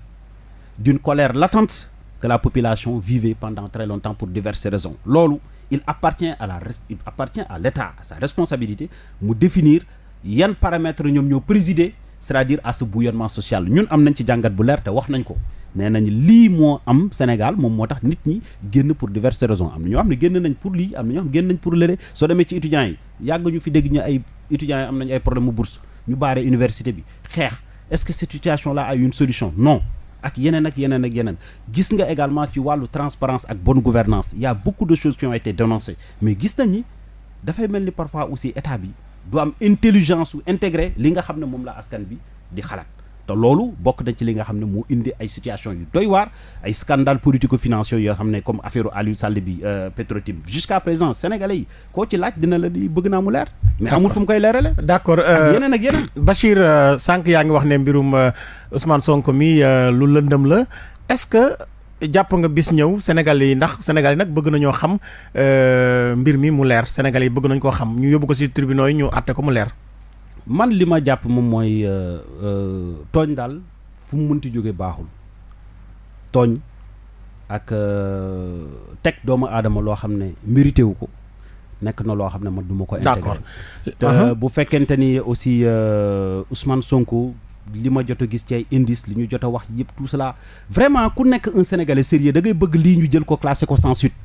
d'une colère latente que la population vivait pendant très longtemps pour diverses raisons loolu. il appartient à la il appartient à l'État à sa responsabilité mu définir yan paramètres ñoom ñoo présider c'est-à-dire à ce bouillonnement social ñun am nañ ci jàngat bu leer te wax nañ ko nee nañ lii moo am Sénégal moom moo tax nit ñi génn pour diverses raisons am na ñoo xam ne génn nañ pour lii am na ñoo xam génn nañ pour lële soo demee ci étudiants yi yàgg ñu fi dégg ñu ay étudiants yi am nañu ay problème mu bourse ñu baaree université bi xeex est-ce que cette situation là une solution non ak yeneen ak yeneen ak yeneen gis nga également ci wàllu transparence ak bonne gouvernance il y beaucoup de choses qui ont été dénoncées mais gis nañ dafay mel ni parfois aussi état bi du am intelligence su intégré li nga xam ne moom la askan bi di xalaat te loolu bokk na ci li nga xam ne moo indi ay situation yu doy waar ay scandale politico-financier yoo xam ne comme affaire Aliou Sall bi euh, Petrotim jusqu'à présent sénégalais yi koo ci laaj dina la di bëgg naa mu leer mais amul fu mu koy leerale d'accord euh, yeneen ak yeneen Bachir euh, sànq yaa ngi wax ne mbirum Ousmane Sonko mi lu lëndëm la est-ce que jàpp nga bis ñëw Sénégal yi ndax Sénégal yi nag bëgg nañoo xam mbir mi mu leer Sénégal yi bëgg nañ ko xam ñu yóbbu ko ci tribunaux yi ñu ko mu leer man li ma jàpp moom mooy euh, euh, tooñ daal fu mu mënti jógee baaxul tooñ ak euh, teg doomu aadama loo xam ne mérité wu ko nekk na loo xam ne man duma ko. intégré uh-huh. bu fekkente ni aussi euh, usman Sonko. li ma jot a gis ci ay indice li ñu jot a wax yëpp tout cela vraiment ku nekk un sénégalais sérieux da bëgg lii ñu jël ko classé ko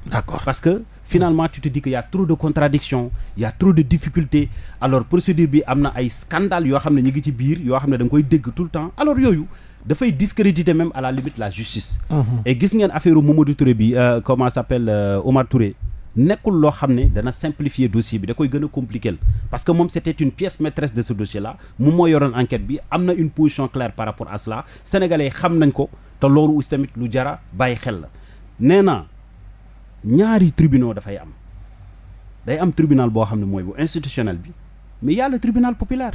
d'accord parce que finalement tu te dis que trop de contradiction y trop de difficultés alors procédure bi am na ay scandale yoo xam ne ñu ngi ci biir yoo xam ne da koy dégg tout le temps alors yooyu. dafay discréditer même à la limite la justice. Mmh. gis ngeen affaire Mamadou bi euh, comment s'appelle euh, nekkul loo xam ne dana simplifier dossier bi da koy gën a compliquer parce que moom c' était une pièce maîtresse de ce dossier là moom moo yoroon enquête bi am na une position claire par rapport à cela xam nañ ko te loolu aussi tamit lu jara bàyyi xel la nee na ñaari tribunaux dafay am day am tribunal boo xam ne mooy bu institutionnel bi mais y tribunal populaire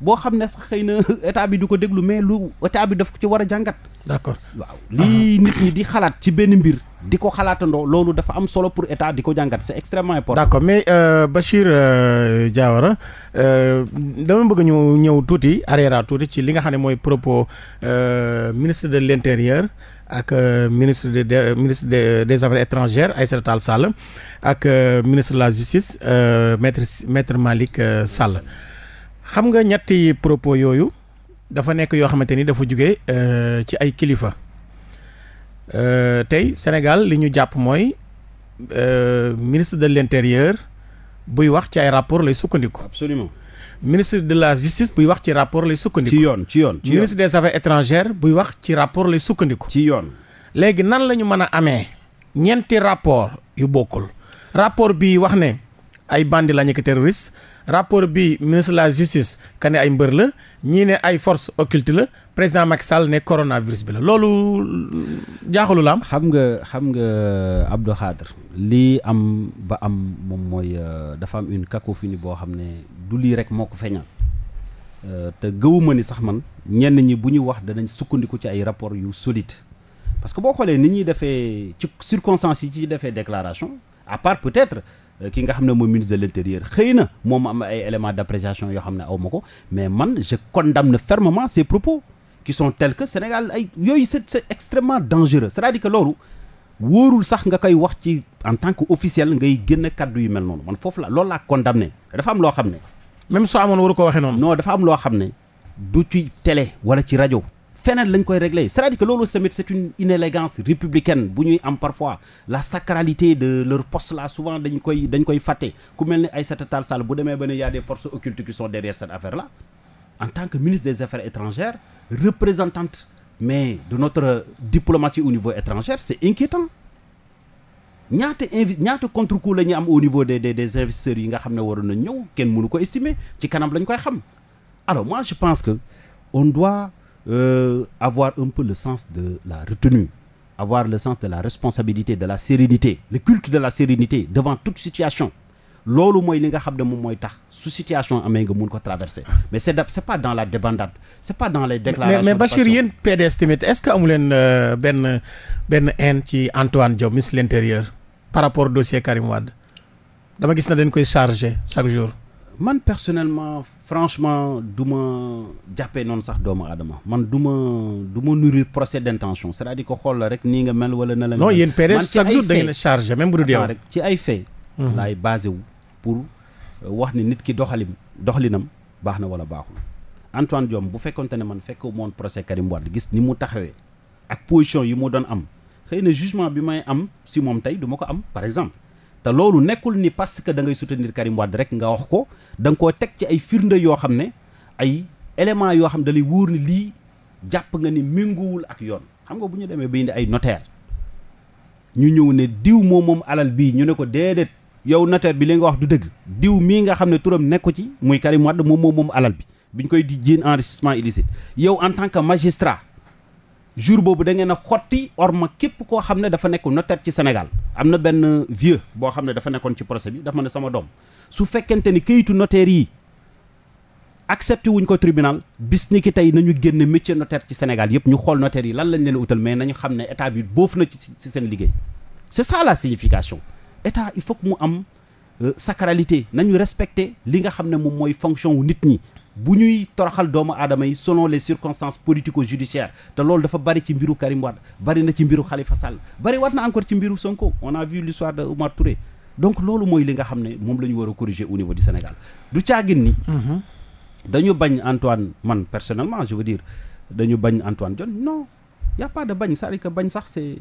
boo xam ne sa xëy na état bi du ko déglu mais lu état bi daf ko ci war a jàngat. d'accord waaw lii nit ñi di xalaat ci benn mbir. di ko xalaatandoo loolu dafa am solo pour état di ko jàngat c'est extrêmement important. d'accord mais euh, Bachir euh, Diawara euh, dama bëgg ñu ñëw tuuti arrière tuuti ci li nga xam ne mooy propos euh, ministre de l'intérieur. ak euh, ministre de de ministre de des affaires étrangères Aïssata Tall Sall ak euh, ministre de la justice maitre maître Malick Sall. xam nga ñetti propos yooyu dafa nekk yoo xamante ni dafa jóge euh, ci ay kilifa euh, tey Sénégal li ñu jàpp mooy euh, ministre de l'intérieur buy wax ci ay rapport lay sukkandiku. absolument ministre de la justice buy wax ci rapport lay sukkandiku. ci yoon ci yoon ministre des affaires étrangères buy wax ci rapport lay sukkandiku. ci yoon léegi nan la ñu mën a amee ñeenti rapport yu bokkul rapport bi wax ne ay bandi lañu ko terroriste rapport bi ministre de la justice ka ne ay mbër la ñii ne ay force occulte la président mag Sall ne coronavirus bi la loolu jaaxalu la am. xam nga xam nga Abdou Khadre lii am ba am moom mooy euh, dafa am une cacophonie boo xam ne du lii rek moo ko feeñal euh, te gëwuma ni sax man ñenn ñi bu ñu wax danañ sukkandiku ci ay rapport yu solide parce que boo xoolee ni ñuy defee ci circonstances yi ci defee déclaration à part peut-être. Euh, ki nga xam ne mooy ministre de l'intérieur xëy na moom am ay élément d'appréciation yoo xam ne aw ma ko mais man je condamne fermement ces propos qui son tel que Sénégal ay yooyu c'est c'est extrêmement dangereux cest à loolu wóorul sax nga koy wax ci en tant que officiel ngay génn kaddu yu mel noonu man foofu la loolu laa condamné dafa am loo xam ne. même soo amoon waru ko waxe noonu. non dafa am loo xam ne du ci télé wala ci rajo. feneen lañ koy régler c'est-à-dire que loolu tamit c'est une inélégance républicaine bu ñuy am parfois la sacralité de leur poste la souvent dañ koy dañ koy fàtte ku mel ni ay Aïssata Tall Sall bu demee ba ne y a des forces occultes qui sont derrière cette affaire là en tant que ministre des affaires étrangères représentante mais de notre diplomatie au niveau étranger c'est inquiétant ñaata invi ñaata contre-coup la ñu am au niveau des des des yi nga xam ne waroon nañ ñëw kenn mënu ko estimer ci kanam lañ koy xam alors pense que euh, avoir un peu le sens de la retenue, avoir le sens de la responsabilité, de la sérénité, le culte de la sérénité devant toute situation. loolu mooy li nga xam ne moom mooy tax su situation amee nga mun ko traverser mais c'est c'est pas dans la débandade c'est pas dans les déclarations mais mais Bachir yéen PDS tamit est-ce que amu euh, benn benn haine ci Antoine Diome ministre l'intérieur par rapport au dossier Karim Wade dama gis na dañ koy charger chaque jour man personnellement franchement du ma jàppee noonu sax doomu aadama man du ma du ma nourrir procès d'intention c'est-à-dire que xool la rek nii nga mel wala na la. non yéen PDS chaque jour da ngeen a chargé même bu dul rek ci ay fait. Mhm. laay basé wu pour euh, wax ni nit ki doxalim doxalinam baax na wala baaxul. Antoine Diome bu fekkonte ne man fekk moon procès Karim Wade gis ni mu taxawee ak position yi mu doon am xëy na jugement bi may am si moom tey duma ko am par exemple. te loolu nekkul ni parce que da ngay soutenir Karim rek nga wax ko danga nga koo teg ci ay firnde yoo xam ne ay éléments yoo xam ne da lay wóor ni lii jàpp nga ni méngoowul ak yoon xam nga bu ñu demee ba indi ay notaire ñu ñëw ne diw moom moom alal bii ñu ne ko déedéet yow notaire bi li nga wax du dëgg diw mii nga xam ne turam nekku ci muy Karim Wade moom moom moom alal bi biñ koy di jiin enrichissement illicite yow en tant que magistrat jour boobu da ngeen a xotti orma képp koo xam ne dafa nekk notaire ci Sénégal am na benn vieux boo xam ne dafa nekkoon ci procès bi dafa ne sama doom su fekkente ni këyitu notaire yi accepté wuñ ko tribunal bis ni ki tey nañu génn métier notaire ci Sénégal yëpp ñu xool notaire yi lan lañ leen utal mais nañu xam ne état bi boof na ci ci seen liggéey c'est ça la signification état il faut que mu am euh, sacralité nañu respecter li nga xam ne moom mooy fonction wu nit ñi bu ñuy toroxal doomu aadama yi selon les circonstances politico-judiciaires te loolu dafa bari ci mbiru Karim Wade bari na ci mbiru Khalifa Sall bari waat na encore ci mbiru Sonko on a vu l'histoire de Oumar Touré donc loolu mooy li nga xam ne moom la ñu war a corriger au niveau du Sénégal du caagin ni mhm. dañu bañ Antoine man personnellement je veux dire dañu bañ Antoine Diome non y' a bañ c'est-à-dire bañ sax c'est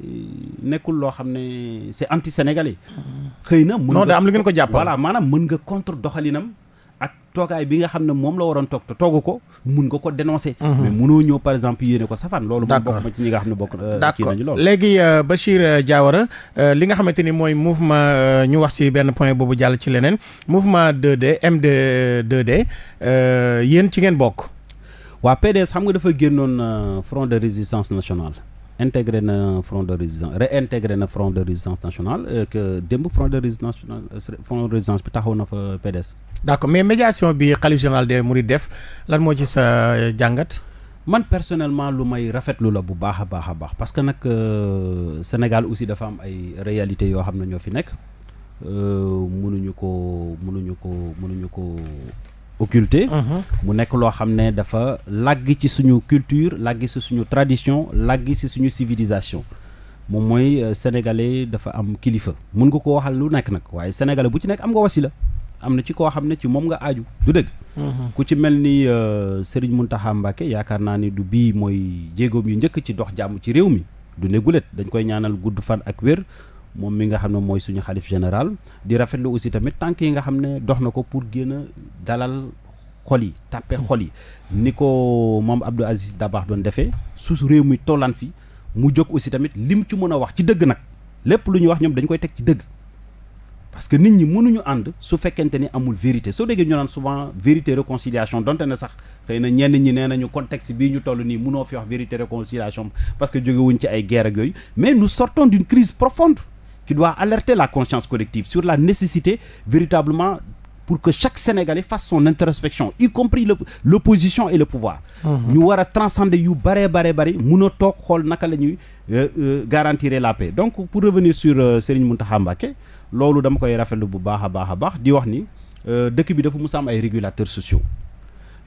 nekkul loo xam ne c'est anti sénégalais. Mhm. xëy na mën nga non am lu ngeen ko jàpp. voilà maanaam mën nga contre doxalinam. ak toogaay bi nga xam ne moom la waroon toog te toogu ko mun nga ko dénoncer. Mhm. mais munoo ñëw par exemple yéene ko safaan. loolu moom bokk ma ci ñi nga xam ne bokk euh, kii nañu loolu. léegi euh, Bachir euh, Diawara li nga xamante ni mooy mouvement ñu wax ci benn point boobu jàll ci leneen mouvement 2 de m M2D yéen ci ngeen bokk. waa PDS xam nga dafa génnoon front de résistance nationale. intégré na front de résistance réintégré na front de résistance nationale euh, que démb front de résistance nationale euh, front de résistance bi taxaw na fa PDS. d'accord mais médiation bi xalif de des Mourides def lan moo ci sa euh, jàngat. man personnellement lu may rafetlu la bu baax a baax a baax parce que nag Sénégal aussi dafa am ay réalité yoo xam ne ñoo fi nekk mënuñu ko mënuñu ko mënuñu ko. occulté. Mhm. mu nekk loo xam ne dafa làgg ci suñu culture làgg ci suñu tradition làgg ci suñu civilisation moom mooy euh, sénégalais dafa am kilifa mun nga ko waxal lu nekk nag waaye sénégalais bu ci nekk am nga wasila am na ci koo xam ne ci moom nga aaju du dëgg. Mhm. ku ci mel ni euh, Serigne Mountakha Mbacké yaakaar naa ni du bii mooy jéegoom yu njëkk ci dox jàmm ci réew mi du ne dañ koy ñaanal gudd fan ak wér. moom mi nga xam ne mooy suñu xalif général di rafetlu aussi tamit tànk yi nga xam ne dox na ko pour gën dalal xol yi tàppe xol yi ni ko moom Abdou Aziz Dabakh doon defee su réew mi tollaan fi mu jóg aussi tamit li mu ci mën a wax ci dëgg nag lépp lu ñu wax ñoom dañ koy teg ci dëgg parce que nit ñi mënuñu ànd su fekkente ni amul vérité soo déggee ñu naan souvent vérité réconciliation donte ne sax xëy na ñenn ñi nee nañu contexte bii ñu toll nii mënoo fi wax vérité réconciliation parce que jógewuñ ci ay guerre ak yooyu mais nous sortons d'une qui doit alerter la conscience collective sur la nécessité véritablement pour que chaque Sénégalais fasse son introspection y compris l'opposition et le pouvoir mhm. ñu war a transcender yu bare bare bare mun a toog xool naka la ñuy euh, euh, garantir la paix donc pour revenir sur euh, Serigne Mountakha Mbacké loolu dama koy rafetlu bu baax a baax a baax di wax ni dëkk bi dafa musa am ay régulateurs sociaux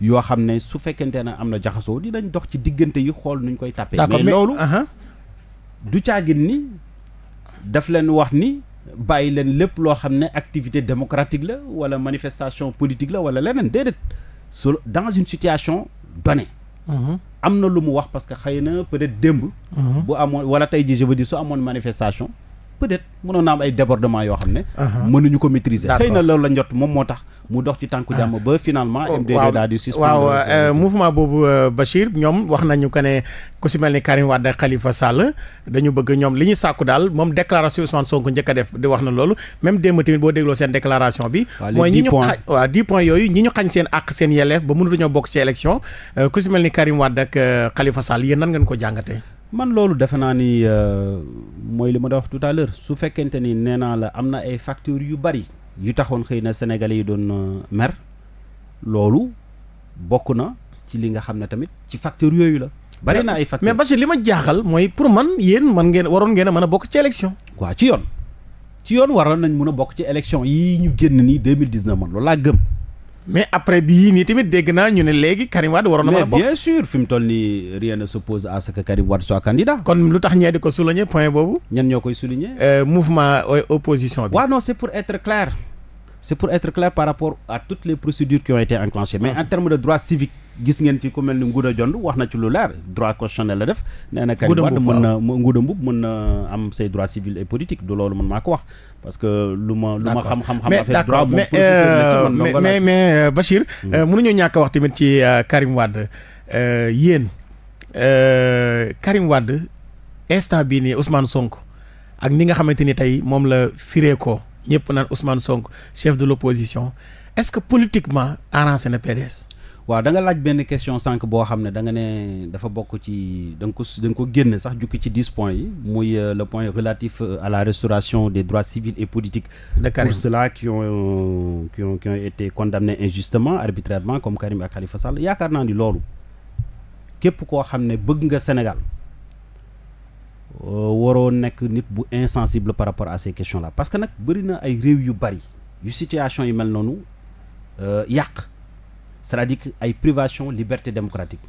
yoo xam ne su fekkente ne am na jaxasoo dinañ dox ci diggante yi xool nuñ koy tàppee mais loolu uh-huh. du daf leen wax ni bàyyi leen lépp loo xam ne activité démocratique la wala manifestation politique la wala leneen déedéet su dans une situation donnée mhm. am na lu mu wax parce que xëy na peut-être démb mhm. bu amoon wala tey ji je veux dire su amoon manifestation peut-être mënoon na ay débordement yoo xam ne. mënuñu ko maîtriser. xëy na loolu la njot moom moo tax mu dox ci tànku jàmm ba finalement. Oh, MDD daal di suspendre waaw euh, mouvement boobu euh, Bachir ñoom wax nañu que ne ku si mel ni Karim Wade Khalifa Sall dañu bëgg ñoom li ñu sàkku daal moom déclaration Ousmane def di wax na loolu même démb tamit boo dégloo seen déclaration bi. mooy ñi ñu ñu xañ seen àq seen yelleef ba mënut ñoo bokk ci élection euh, ku si mel ni Karim Wade ak Khalifa Sall yéen nan ngeen ko jàngatee. man loolu defe naa ni euh, mooy li ma da wax tout su fekkente ni nee naa la am na ay facteurs yu bari yu taxoon xëy na sénégalais yi doon euh, mer loolu bokk na ci li nga xam ne tamit ci facteurs yooyu la. bari na ay facteurs mais Bachir li ma jaaxal mooy pour man yéen man ngeen waroon ngeen a mën a bokk ci élection. waaw ci yoon ci yoon waroon nañ mun a bokk ci élection yi ñu génn nii deux mille dix na man loolu laa gëm. mais après bi yii nii tamit dégg naa ñu ne léegi Karim Wade waroon na mën a bokk. bien sûr fi mu toll nii rien ne s'oppose à ce que Karim Wade soit candidat. kon lu tax ñee ko souligner point boobu. ñan ñoo koy souligner. Euh, mouvement opposition bi. waaw non c'est pour être clair. c'est pour être clair par rapport à toutes les procédures qui ont été enclenchées. mais ah. en termes de droit civique. gis ngeen ci ku mel ni Ngouda Dione wax na ci lu leer droit constitutionnel la def. nee na Karim Wade mën na Ngouda Mboup mën na am say droits civils loolu mën maa ko wax. parce que lu ma lu ma xam-xam xam mais mais euh, mais euh, Bachir. Hmm. Euh, ñàkk wax tamit ci Karim Wade yéen Karim Wade instant bii nii Ousmane sonk ak ni nga xamante ni tey moom la firee ko ñëpp naan Ousmane Sonko chef de l'opposition est-ce que politiquement arrangé na PDS. waaw danga laaj benn question sànq boo xam ne da nga ne dafa bokk ci da nga ko da nga ko génn sax jukki ci dix points yi muy euh, le point relatif euh, à la restauration des droits civils et politiques de Karim. pour ceux-là euh, qui ont été condamnés injustement arbitrairement comme Karim ak Khalifa Sall yaakaar naa ni loolu képp koo xam ne bëgg nga Sénégal waroo nekk nit bu insensible par rapport à ces questions là parce que nag bëri na ay réew yu bari yu situation yi mel noonu yàq c'est-à-dire ay privation liberté démocratique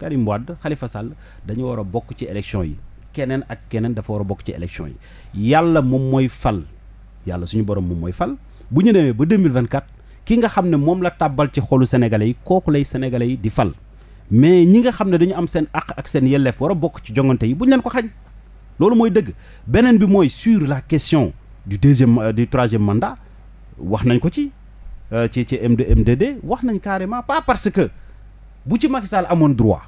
Karim Wade Khalifa Sall dañu war a bokk ci élection yi keneen ak keneen dafa war a bokk ci élection yi yàlla moom mooy fal yàlla suñu borom moom mooy fal bu ñu demee ba 2024 ki nga xam ne moom la tàbbal ci xolu sénégalais yi kooku lay sénégalais yi di fal mais ñi nga xam ne dañu am seen àq ak seen yelleef war a bokk ci jongante yi bu ñu leen ko xañ loolu mooy dëgg beneen bi mooy sur la question du deuxième euh, du troisième mandat wax nañ ko ci Euh, ci ci MD MDD wax nañ carrément pas parce que bu ci Macky Sall amoon droit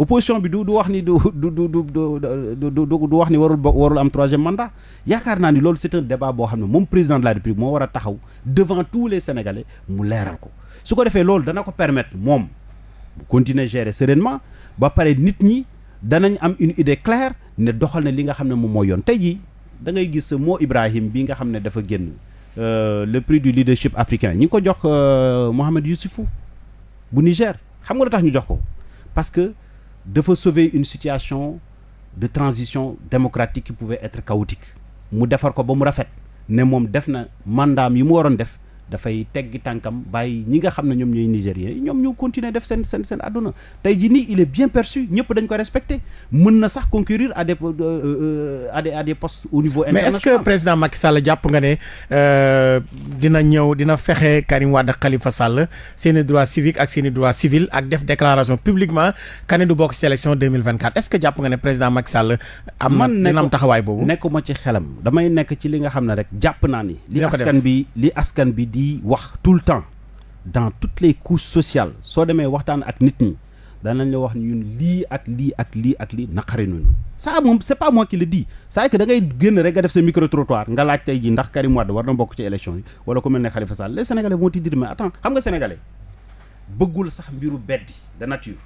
opposition bi du du wax ni du du du du du du wax ni warul bo warul am troisième mandat yaakaar naa ni loolu c'est un débat boo xam ne moom président de la République moo war a taxaw devant mu leeral ko su ko defee loolu dana ko permettre moom bu continuer gérer sereinement ba pare nit ñi danañ am une idée claire ne doxal ne li nga xam ne moom mooy yoon tey jii da gis gis moo Ibrahim bi nga xam ne dafa génn Euh, le prix du leadership africain ñi ngi ko jox euh, Mohamed Youssoufou bu Niger xam nga lu tax ñu jox ko parce que dafa sauver une situation de transition démocratique qui pouvait être chaotique mu defar ko ba mu rafet ne moom def na mandaam yi mu waroon def dafay teggi tànkam bàyyi ñi nga xam ne ñoom ñooy nigériens ñoom ñu continuer def seen seen seen àdduna tey ji nii il est bien perçu ñëpp dañ ko respecté mën na sax concourir à des euh, euh, à des à est-ce que euh, fexe Karim Wade Khalifa Sall seen i droits civiques ak seen i droits civils ak def déclaration publiquement que ne du bokk ci élection 2024 est-ce que jàpp nga ne président Macky Sall. am na dina am taxawaay boobu man nekkuma ci xelam damay nekk ci li nga xam ne rek jàpp naa ni. li askan bi li askan bi ciy wax tout le temps dans toutes les couches sociales soo demee waxtaan ak nit ñi danañ la wax ñun lii ak lii ak lii ak lii naqari nañu ça moom c'est pas moi qui le dis c'est que da ngay génn rek nga def sa micro nga laaj tey ji ndax Karim Wade war na bokk ci élection yi wala ku mel ne Khalifa mais attends xam nga sénégalais bëggul sax mbiru beddi de nature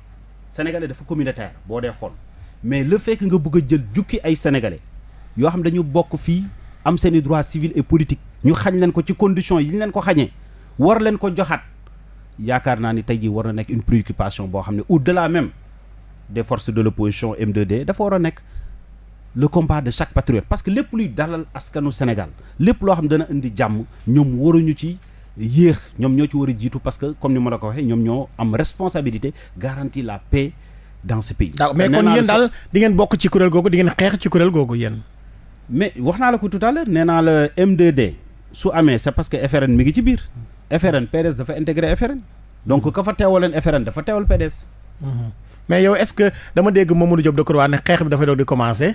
sénégalais dafa communautaire boo dee xool mais le fekk nga bëgg a jël jukki ay sénégalais yoo xam dañu bokk fii am seeni droits civils et politiques ñu xañ leen ko ci condition yi ñu leen ko xañee war leen ko joxaat yaakaar naa ni tey jii war a nekk une préoccupation boo xam ne au-delà même de force de l'opposition m mdd dafa war a nekk le combat de chaque patriote parce que lépp luy dalal askanu Sénégal lépp loo xam ne dana indi jàmm ñoom waruñu ci yéex ñoom ñoo ci war a jiitu parce que comme ni ma la ko waxee ñoom ñoo am responsabilité garanti la paix dans ce pays. d'accord mais kon daal di ngeen bokk ci kuréel googu di ngeen xeex ci kuréel googu yéen. mais wax naa la ko tout à l'heure naa la m su amee c'est parce que FRN mi ngi ci biir FRN PDS dafa intégré FRN donc ka fa teewaleen FRN dafa teewal PDS. Mhm. mais yow est-ce que dama dégg Mamadou Diop Decroix ne xeex bi dafay doog di commencer.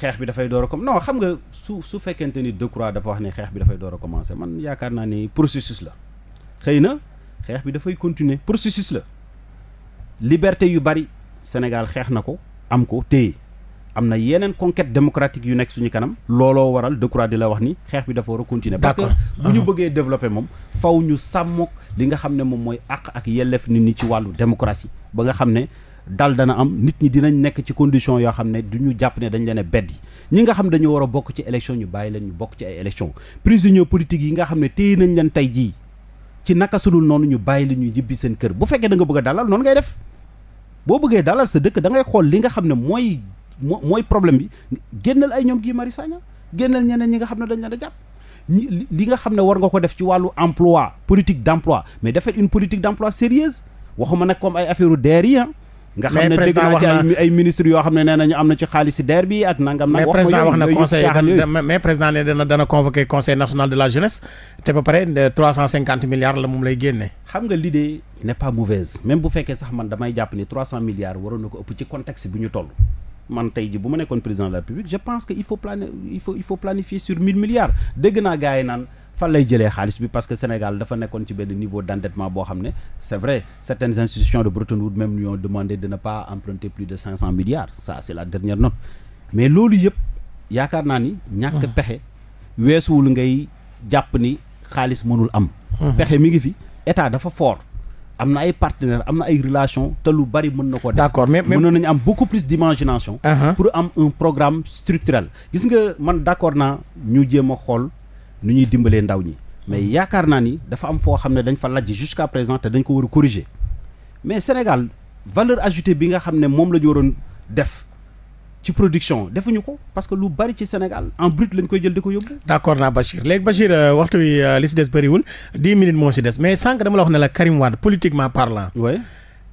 xeex bi dafay door a comme non xam nga su su fekkente ni Decroix dafa wax ni xeex bi dafay door a commencer man yaakaar naa ni processus la xëy na xeex bi dafay continuer processus la liberté yu bari Sénégal xeex na ko am ko téye. am na yeneen conquête démocratique yu nekk suñu kanam looloo waral Decroix di la wax ni xeex bi dafa war a continuer parce que bu ñu bëggee développer moom faw ñu sàmmook li nga xam ne moom mooy àq ak yelleef nit ñi ci wàllu démocratie ba nga xam ne dal dana am nit ñi dinañ nekk ci condition yoo xam ne du ñu jàpp ne dañ leen a beddi ñi nga xam dañu war a bokk ci élection ñu bàyyi leen ñu bokk ci ay élection prisonniers politiques yi nga xam ne téye nañ leen tey jii ci naka sulul noonu ñu bàyyi leen ñu jibbi seen kër bu fekkee da bëgg dalal noonu ngay def boo bëggee dalal sa dëkk da ngay xool li nga xam ne mooy moo mooy problème bi génnal ay ñoom Guy Marius Sagna génnal ñeneen ñi nga xam ne dañ leen a jàpp li nga xam ne war nga ko def ci wàllu emploi politique d'emploi mais defal une politique d'emploi sérieuse waxuma nag comme ay affaire u DER yi ah. nga xam ne yoo xam ne nee am na xaalisi DER bi ak nangam nag wax ma wax na conseil mais président ne dana dana convoquer conseil national de la jeunesse te ba pare euh, trois la moom lay génne xam nga l'idée n'est pas mauvaise même bu fekkee sax man damay jàpp ni trois cent milliards waroon na ko ëpp ci contexte bi ñu toll man tey ji bu ma nekkoon président de la République je pense que il faut plan il faut il faut planifier sur mille milliards dégg naa gars naan fan jëlee xaalis bi parce que Sénégal dafa nekkoon ci benn niveau d' endettement boo xam ne c' est vrai certaines institutions de Bretton Woods même lui ont demandé de ne pas emprunter plus de cinq cent milliards ça la dernière note mais loolu yëpp yaakaar naa ni ñàkk mmh. pexe weesuwul ngay jàpp ni xaalis mënul am mmh. pexe mi ngi fi état dafa fort am na ay partenaires am na ay relations te lu bari mën na ko def. d'accord mais mënoon nañu am beaucoup plus d'imagination. Uh-huh. pour am un programme structurel. gis nga man d'accord naa ñu jéem a xool nu ñuy dimbalee ndaw ñi mais yaakaar naa ni dafa am foo xam ne dañ fa lajj jusqu'à présent te dañ ko war a corriger mais Sénégal valeur ajoutée bi nga xam ne moom la ñu waroon def. ci production defuñu ko parce que lu bari ci Sénégal en brut lañ koy jël di ko yóbbu. d'accord naa Bachir léegi Bachir euh, waxtu wi euh, li si des bëriwul dix minutes moo si des mais sànq dama la wax ne Karim Wade politiquement parlant.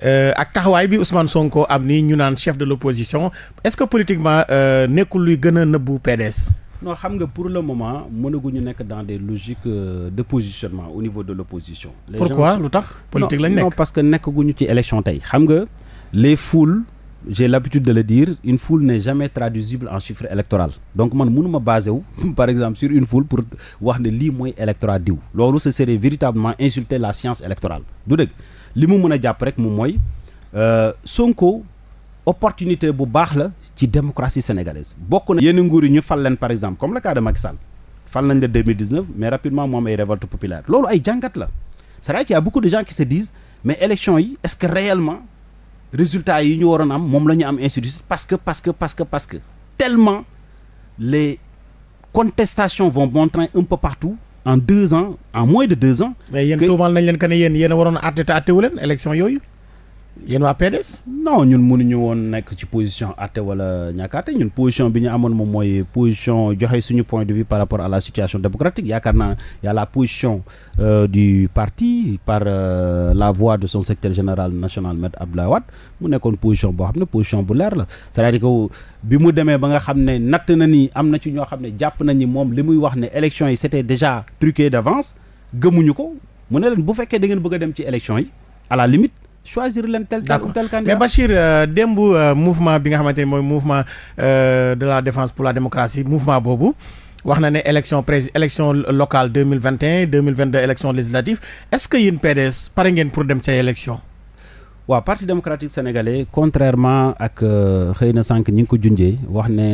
Euh, ak taxawaay bi Ousmane Sonko am ni ñu naan chef de l'opposition est-ce que politiquement nekkul luy gën a nëbbu PDS. non xam nga pour le moment mënaguñu nekk dans des logiques de positionnement au niveau de l'opposition. les gens pourquoi lu tax politique lañ nekk non parce que ci élection tey xam j'ai l'habitude de le dire une foule n'est jamais traduisible en chiffre électoral donc man mënuma basé wu par exemple sur une foule pour wax ne lii mooy électorat diw loolu ce serait véritablement insulter la science électorale du dëgg li mu mën a jàpp rek moom mooy euh, Sonko opportunité bu baax la ci démocratie sénégalaise bokk na yenn nguur yi ñu fal leen par exemple comme le cas de Macky Sall fal nañ la 2019 mais rapidement moom ay révolte populaire loolu ay jàngat la c'est vrai qu'il y résultats yi ñu waroon am moom la ñu am ainsi parce que parce que parce que que tellement les contestations vont bon train un peu partout en deux ans en moins de deux ans. mais yéen tuumaal nañ leen que ne yéen yéen a waroon a leen élection yooyu. yéen waa PDS. non ñun munuñu woon nekk ci position àtte wala ñàkkaate ñun position bi ñu amoon moom mooy position joxe suñu point de vue par rapport à la situation démocratique yaakaar naa y la position euh, du parti par euh, la voix de son secrétaire général national maître Abdoulaye Wade mu nekkoon position boo xam ne position bu leer la cest à bi mu demee ba nga xam ne natt na ni am na ci ñoo xam ne jàpp na ni moom li muy wax ne élection yi c'était déjà truqué d'avance gëmuñu ko mu ne leen bu fekkee da ngeen bëgg dem ci élection yi à la choisir leen tel tel ou tel candidat mais Bachir euh, démb euh, mouvement bi nga xamante ni mooy mouvement euh, de la défense pour la démocratie mouvement boobu wax na ne élection prés élection locale deux mille vingt et un deux mille vingt deux élection législative est ce que yéen PDS pare ngeen pour dem ca élection. waaw parti démocratique sénégalais contrairement ak xëy na sànq ñi ngi ko junjee wax ne.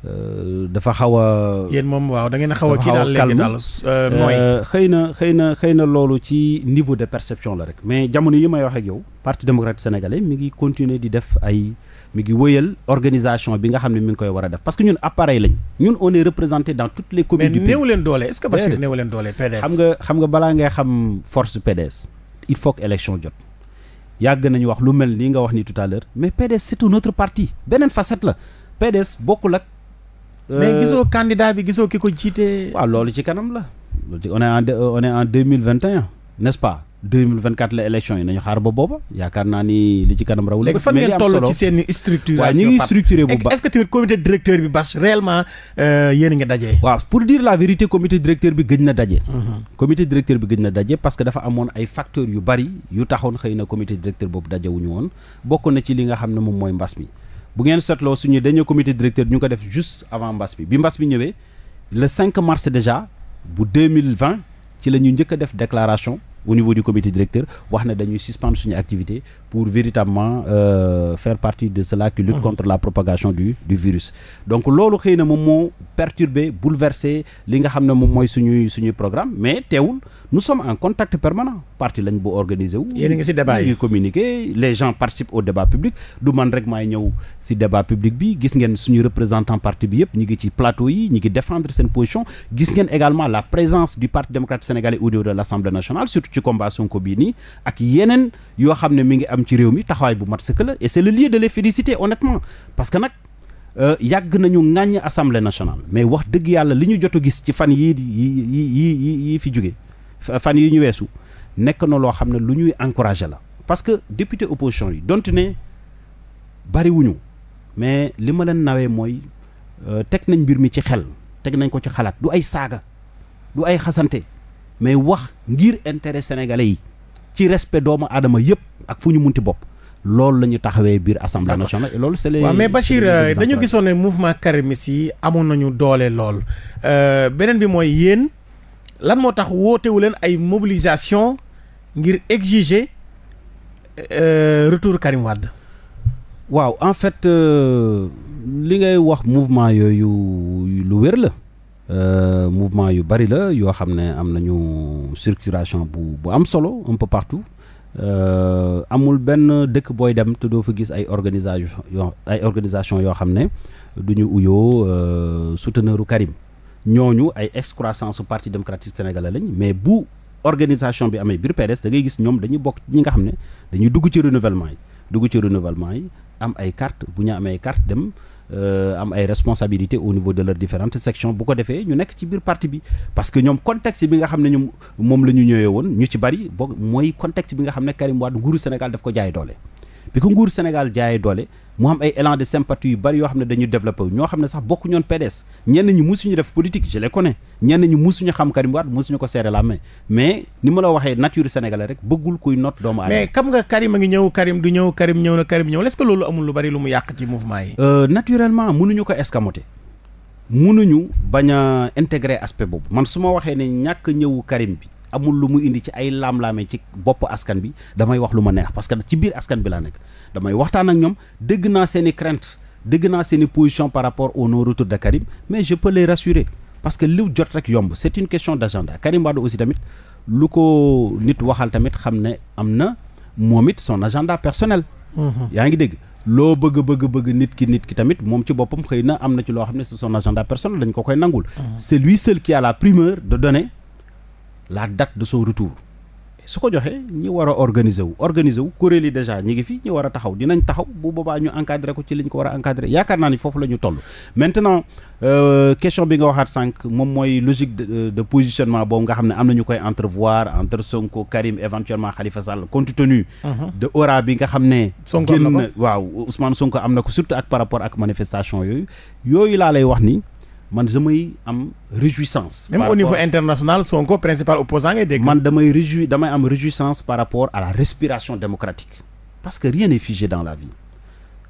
Euh, dafa xaw a. yéen moom waaw da ngeen a a kii daal léegi daal euh, nooy euh, xëy na xëy na xëy na loolu ci niveau de perception la rek mais jamono yi may wax yow parti démocratique sénégalais mi ngi continuer di def ay mi ngi wëyal organisation bi nga xam ne mu ngi koy war a def parce que ñun appareil lañ ñun on est représenté dans toutes les communes du pays mais néew leen doole est-ce que Bassirou néew leen doole PDS. xam nga xam nga balaa ngay xam force PDS il faut que élection jot. yàgg nañu wax lu mel nii nga wax ni tout à mais PDS c'est un autre parti beneen facette la PDS bokkul ak. mais euh, gisoo candidat bi gisoo ki ko jiitee waaw loolu ci kanam la. on est en on est en deux mille vingt et un n'est-ce pas. 2024 la élection yi nañu xaar ba booba yaakaar naa ni li ci kanam raw léegi fan ngeen toll ci seen structuration bi bas réellement euh, yéen a ngi daje. waaw pour dire la vérité comité directeur bi gëj na daje. Mhm. comité directeur bi gëj na daje parce que dafa amoon ay facteurs yu bari yu taxoon xëy na comité directeur boobu dajewuñu woon bokk na ci li nga xam ne moom mooy mbas mi bu ngeen seetloo suñu dañoo comité directeur duñu ko def juste avant mbas bi bi mbas bi ñëwee le 5 mars déjà bu 2020 ci la ñu njëkk a def déclaration au niveau du comité directeur wax na dañu suspendre suñu activité pour véritablement euh, faire partie de cela qui lutte mhm. contre la propagation du du virus donc loolu xëy na moom moo perturbé bouleversé li nga xam ne moom mooy suñuy suñuy programme mais teewul nous sommes en contact permanent parti lañ bu organisé wu yéen a ngi ci débat yi communiqué les gens participent au débat public du man rek maay ñëw ci débat public bi gis ngeen suñu représentant parti bi yëpp ñi ngi ci plateau yi ñi ci combat Sonko bii nii ak yeneen yoo xam ne mi ngi am ci réew mi taxawaay bu mat sëkk la et c'est le lieu de les féliciter honnêtement parce que nag euh, yàgg nañu ŋàññ assemblée nationale mais wax dëgg yàlla li ñu jot a gis ci fan yii yi yi yi fi jóge fan yi ñu weesu nekk na loo xam ne lu ñuy encourager la parce que député opposition yi dont ne bariwuñu mais li ma leen nawee mooy euh, teg nañ mbir mi ci xel teg nañ ko ci xalaat du ay saaga du ay xasante mais wax ngir intérêt sénégalais yi ci respect doomu aadama yëpp ak fu ñu munti bopp loolu la ñu taxawee biir assemblée nationale loolu c'est les waaw mais Bachir euh, dañu gisoon ne mouvement karimis yi amoon nañu doole lool euh, beneen bi mooy yéen lan moo tax wootewu leen ay mobilisation ngir exiger euh, retour Karim Wade waaw en fait li ngay wax mouvement yooyu lu wér la Euh, mouvement yu bari la yoo xam ne am nañu circulation bu bu am solo un peu partout euh, amul benn dëkk booy dem te doo fa gis ay organisation yoo ay organisation yoo xam ne du ñu uyoo euh, souteneuru Karim ñu ay excroissance su parti démocratique sénégalais lañ mais bu organisation bi amee biir PDS da ngay gis ñoom dañu bokk ñi nga xam ne dañuy dugg ci renouvellement yi dugg ci renouvellement yi am ay carte bu ñu amee carte dem Euh, am ay responsabilités au niveau de leurs différentes section bu ko defee ñu nekk ci biir parti bi parce que ñoom contexte bi nga xam ne ñoom moom la ñu ñëwee woon ñu ci bari boog mooy contexte bi nga xam ne Karim Wade nguuru Sénégal daf ko jaay doole bi ko nguur Sénégal jaayee doole mu am ay élan de sympathie yu bari yoo xam ne dañu développé wu ñoo xam ne sax bokk ñoon PDS ñenn ñi musuñu def politique je les connais ñenn ñi musuñu xam Karim Wade musuñu ko serrer la main mais ni ma la waxee nature sénégalaise rek bëggul kuy not doomu aadama mais xam nga Karim a ngi ñëw Karim du ñëw Karim ñëw na Karim ñëw est-ce que loolu amul lu bari lu mu yàq ci mouvement yi euh, naturellement mënuñu ko escamoter mënuñu bañ a intégrer aspect boobu man su ma waxee ne ñàkk ñëwu Karim bi amul lu mu indi ci ay laam-laame ci bopp askan bi damay wax lu ma neex parce que ci biir askan bi laa nekk damay waxtaan ak ñoom dégg naa seen i crainte dégg naa seeni i position par rapport au non retour de Karim mais je peux les rassurer parce que li jot rek yomb c'est une question d'agenda Karim Wade aussi tamit lu ko nit waxal tamit xam ne am na moom son agenda personnel mhm. yaa ngi dégg loo bëgg bëgg bëgg nit ki nit ki tamit moom ci boppam xëy na am na ci loo xam ne c'est son agenda personnel dañ ko koy nangul mhm. c'est lui seul de donner la date de son retour su ko joxee ñi war a organiser wu organiser wu kuréel yi déjà ñi ngi fi ñi war a taxaw dinañ taxaw bu boobaa ñu encadré ko ci li ko war a encadré yaakaar naa ni foofu la ñu toll maintenant euh, question bi nga waxaat sànq moom mooy logique de, euh, de positionnement boobu nga xam ne am na ñu koy entrevoir entre Sonko Karim éventuellement Khalifa Sall compte tenu uh -huh. de aura bi nga xam ne génn waaw Ousmane Sonko am na ko surtout ak par rapport ak manifestation yooyu yooyu laa lay wax ni man damay am réjouissance. même au niveau international Sonko principal opposant ngay man damay réjou damay am réjouissance par rapport à la respiration démocratique parce que rien n'est figé dans la vie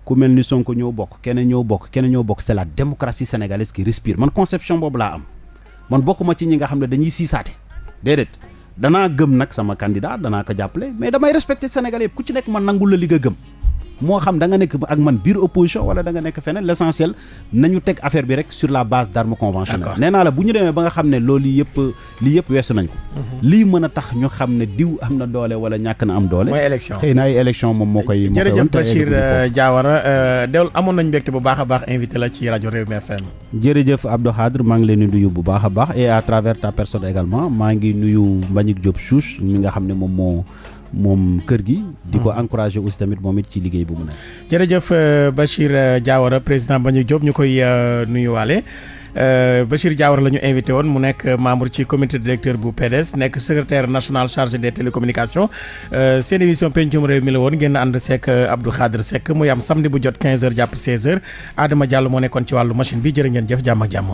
ku mel ni Sonko ñëw bokk keneen ñëw bokk keneen ñoo bokk c'est la démocratie sénégalaise qui respire man conception boobu laa am man bokkuma ci ñi nga xam ne dañuy siisaate déedéet danaa gëm nag sama candidat danaa ko jàppale mais damay respecter Sénégalais yëpp ku ci nekk man nangul la li nga gëm. moo xam da nga nekk ak man biir opposition wala danga nekk feneen l' essentiel nañu teg affaire bi rek sur la base d' arme conventionnelle nee naa la bu ñu demee ba nga xam ne loolu yëpp lii yëpp weesu nañ ko mhm. lii mën a tax ñu xam ne diw am na doole wala ñàkk na am doole xëy na ay élection moom moo koy jërëjëf Bachir euh, Diawara euh, del amoon nañ mbégte bu baax a baax invité la ci rajo Rewmi FM jërëjëf Abdou Khadre maa ngi leen di nuyu bu baax a baax et à travers ta personne également maa ngi nuyu Mbagnick Diop Chouch mi nga xam ne moom moo moom kër gi. di ko hmm. encouragé aussi tamit moom it ci liggéey bu mu ne. jërëjëf euh, Bachir euh, Diawara président Mbagnick Diop ñu koy euh, nuyuwaale Bachir Diawara la ñu invité woon mu nekk membre ci comité directeur bu PDS nekk secrétaire national chargé des télécommunications seen émission pencum réew mi la woon ngeen ànd Seck Abdou Khadre Seck muy am samedi bu jot 15h jàpp 16h Adama moo nekkoon ci wàllu machine bi jërë ngeen jëf jàmm jàmm.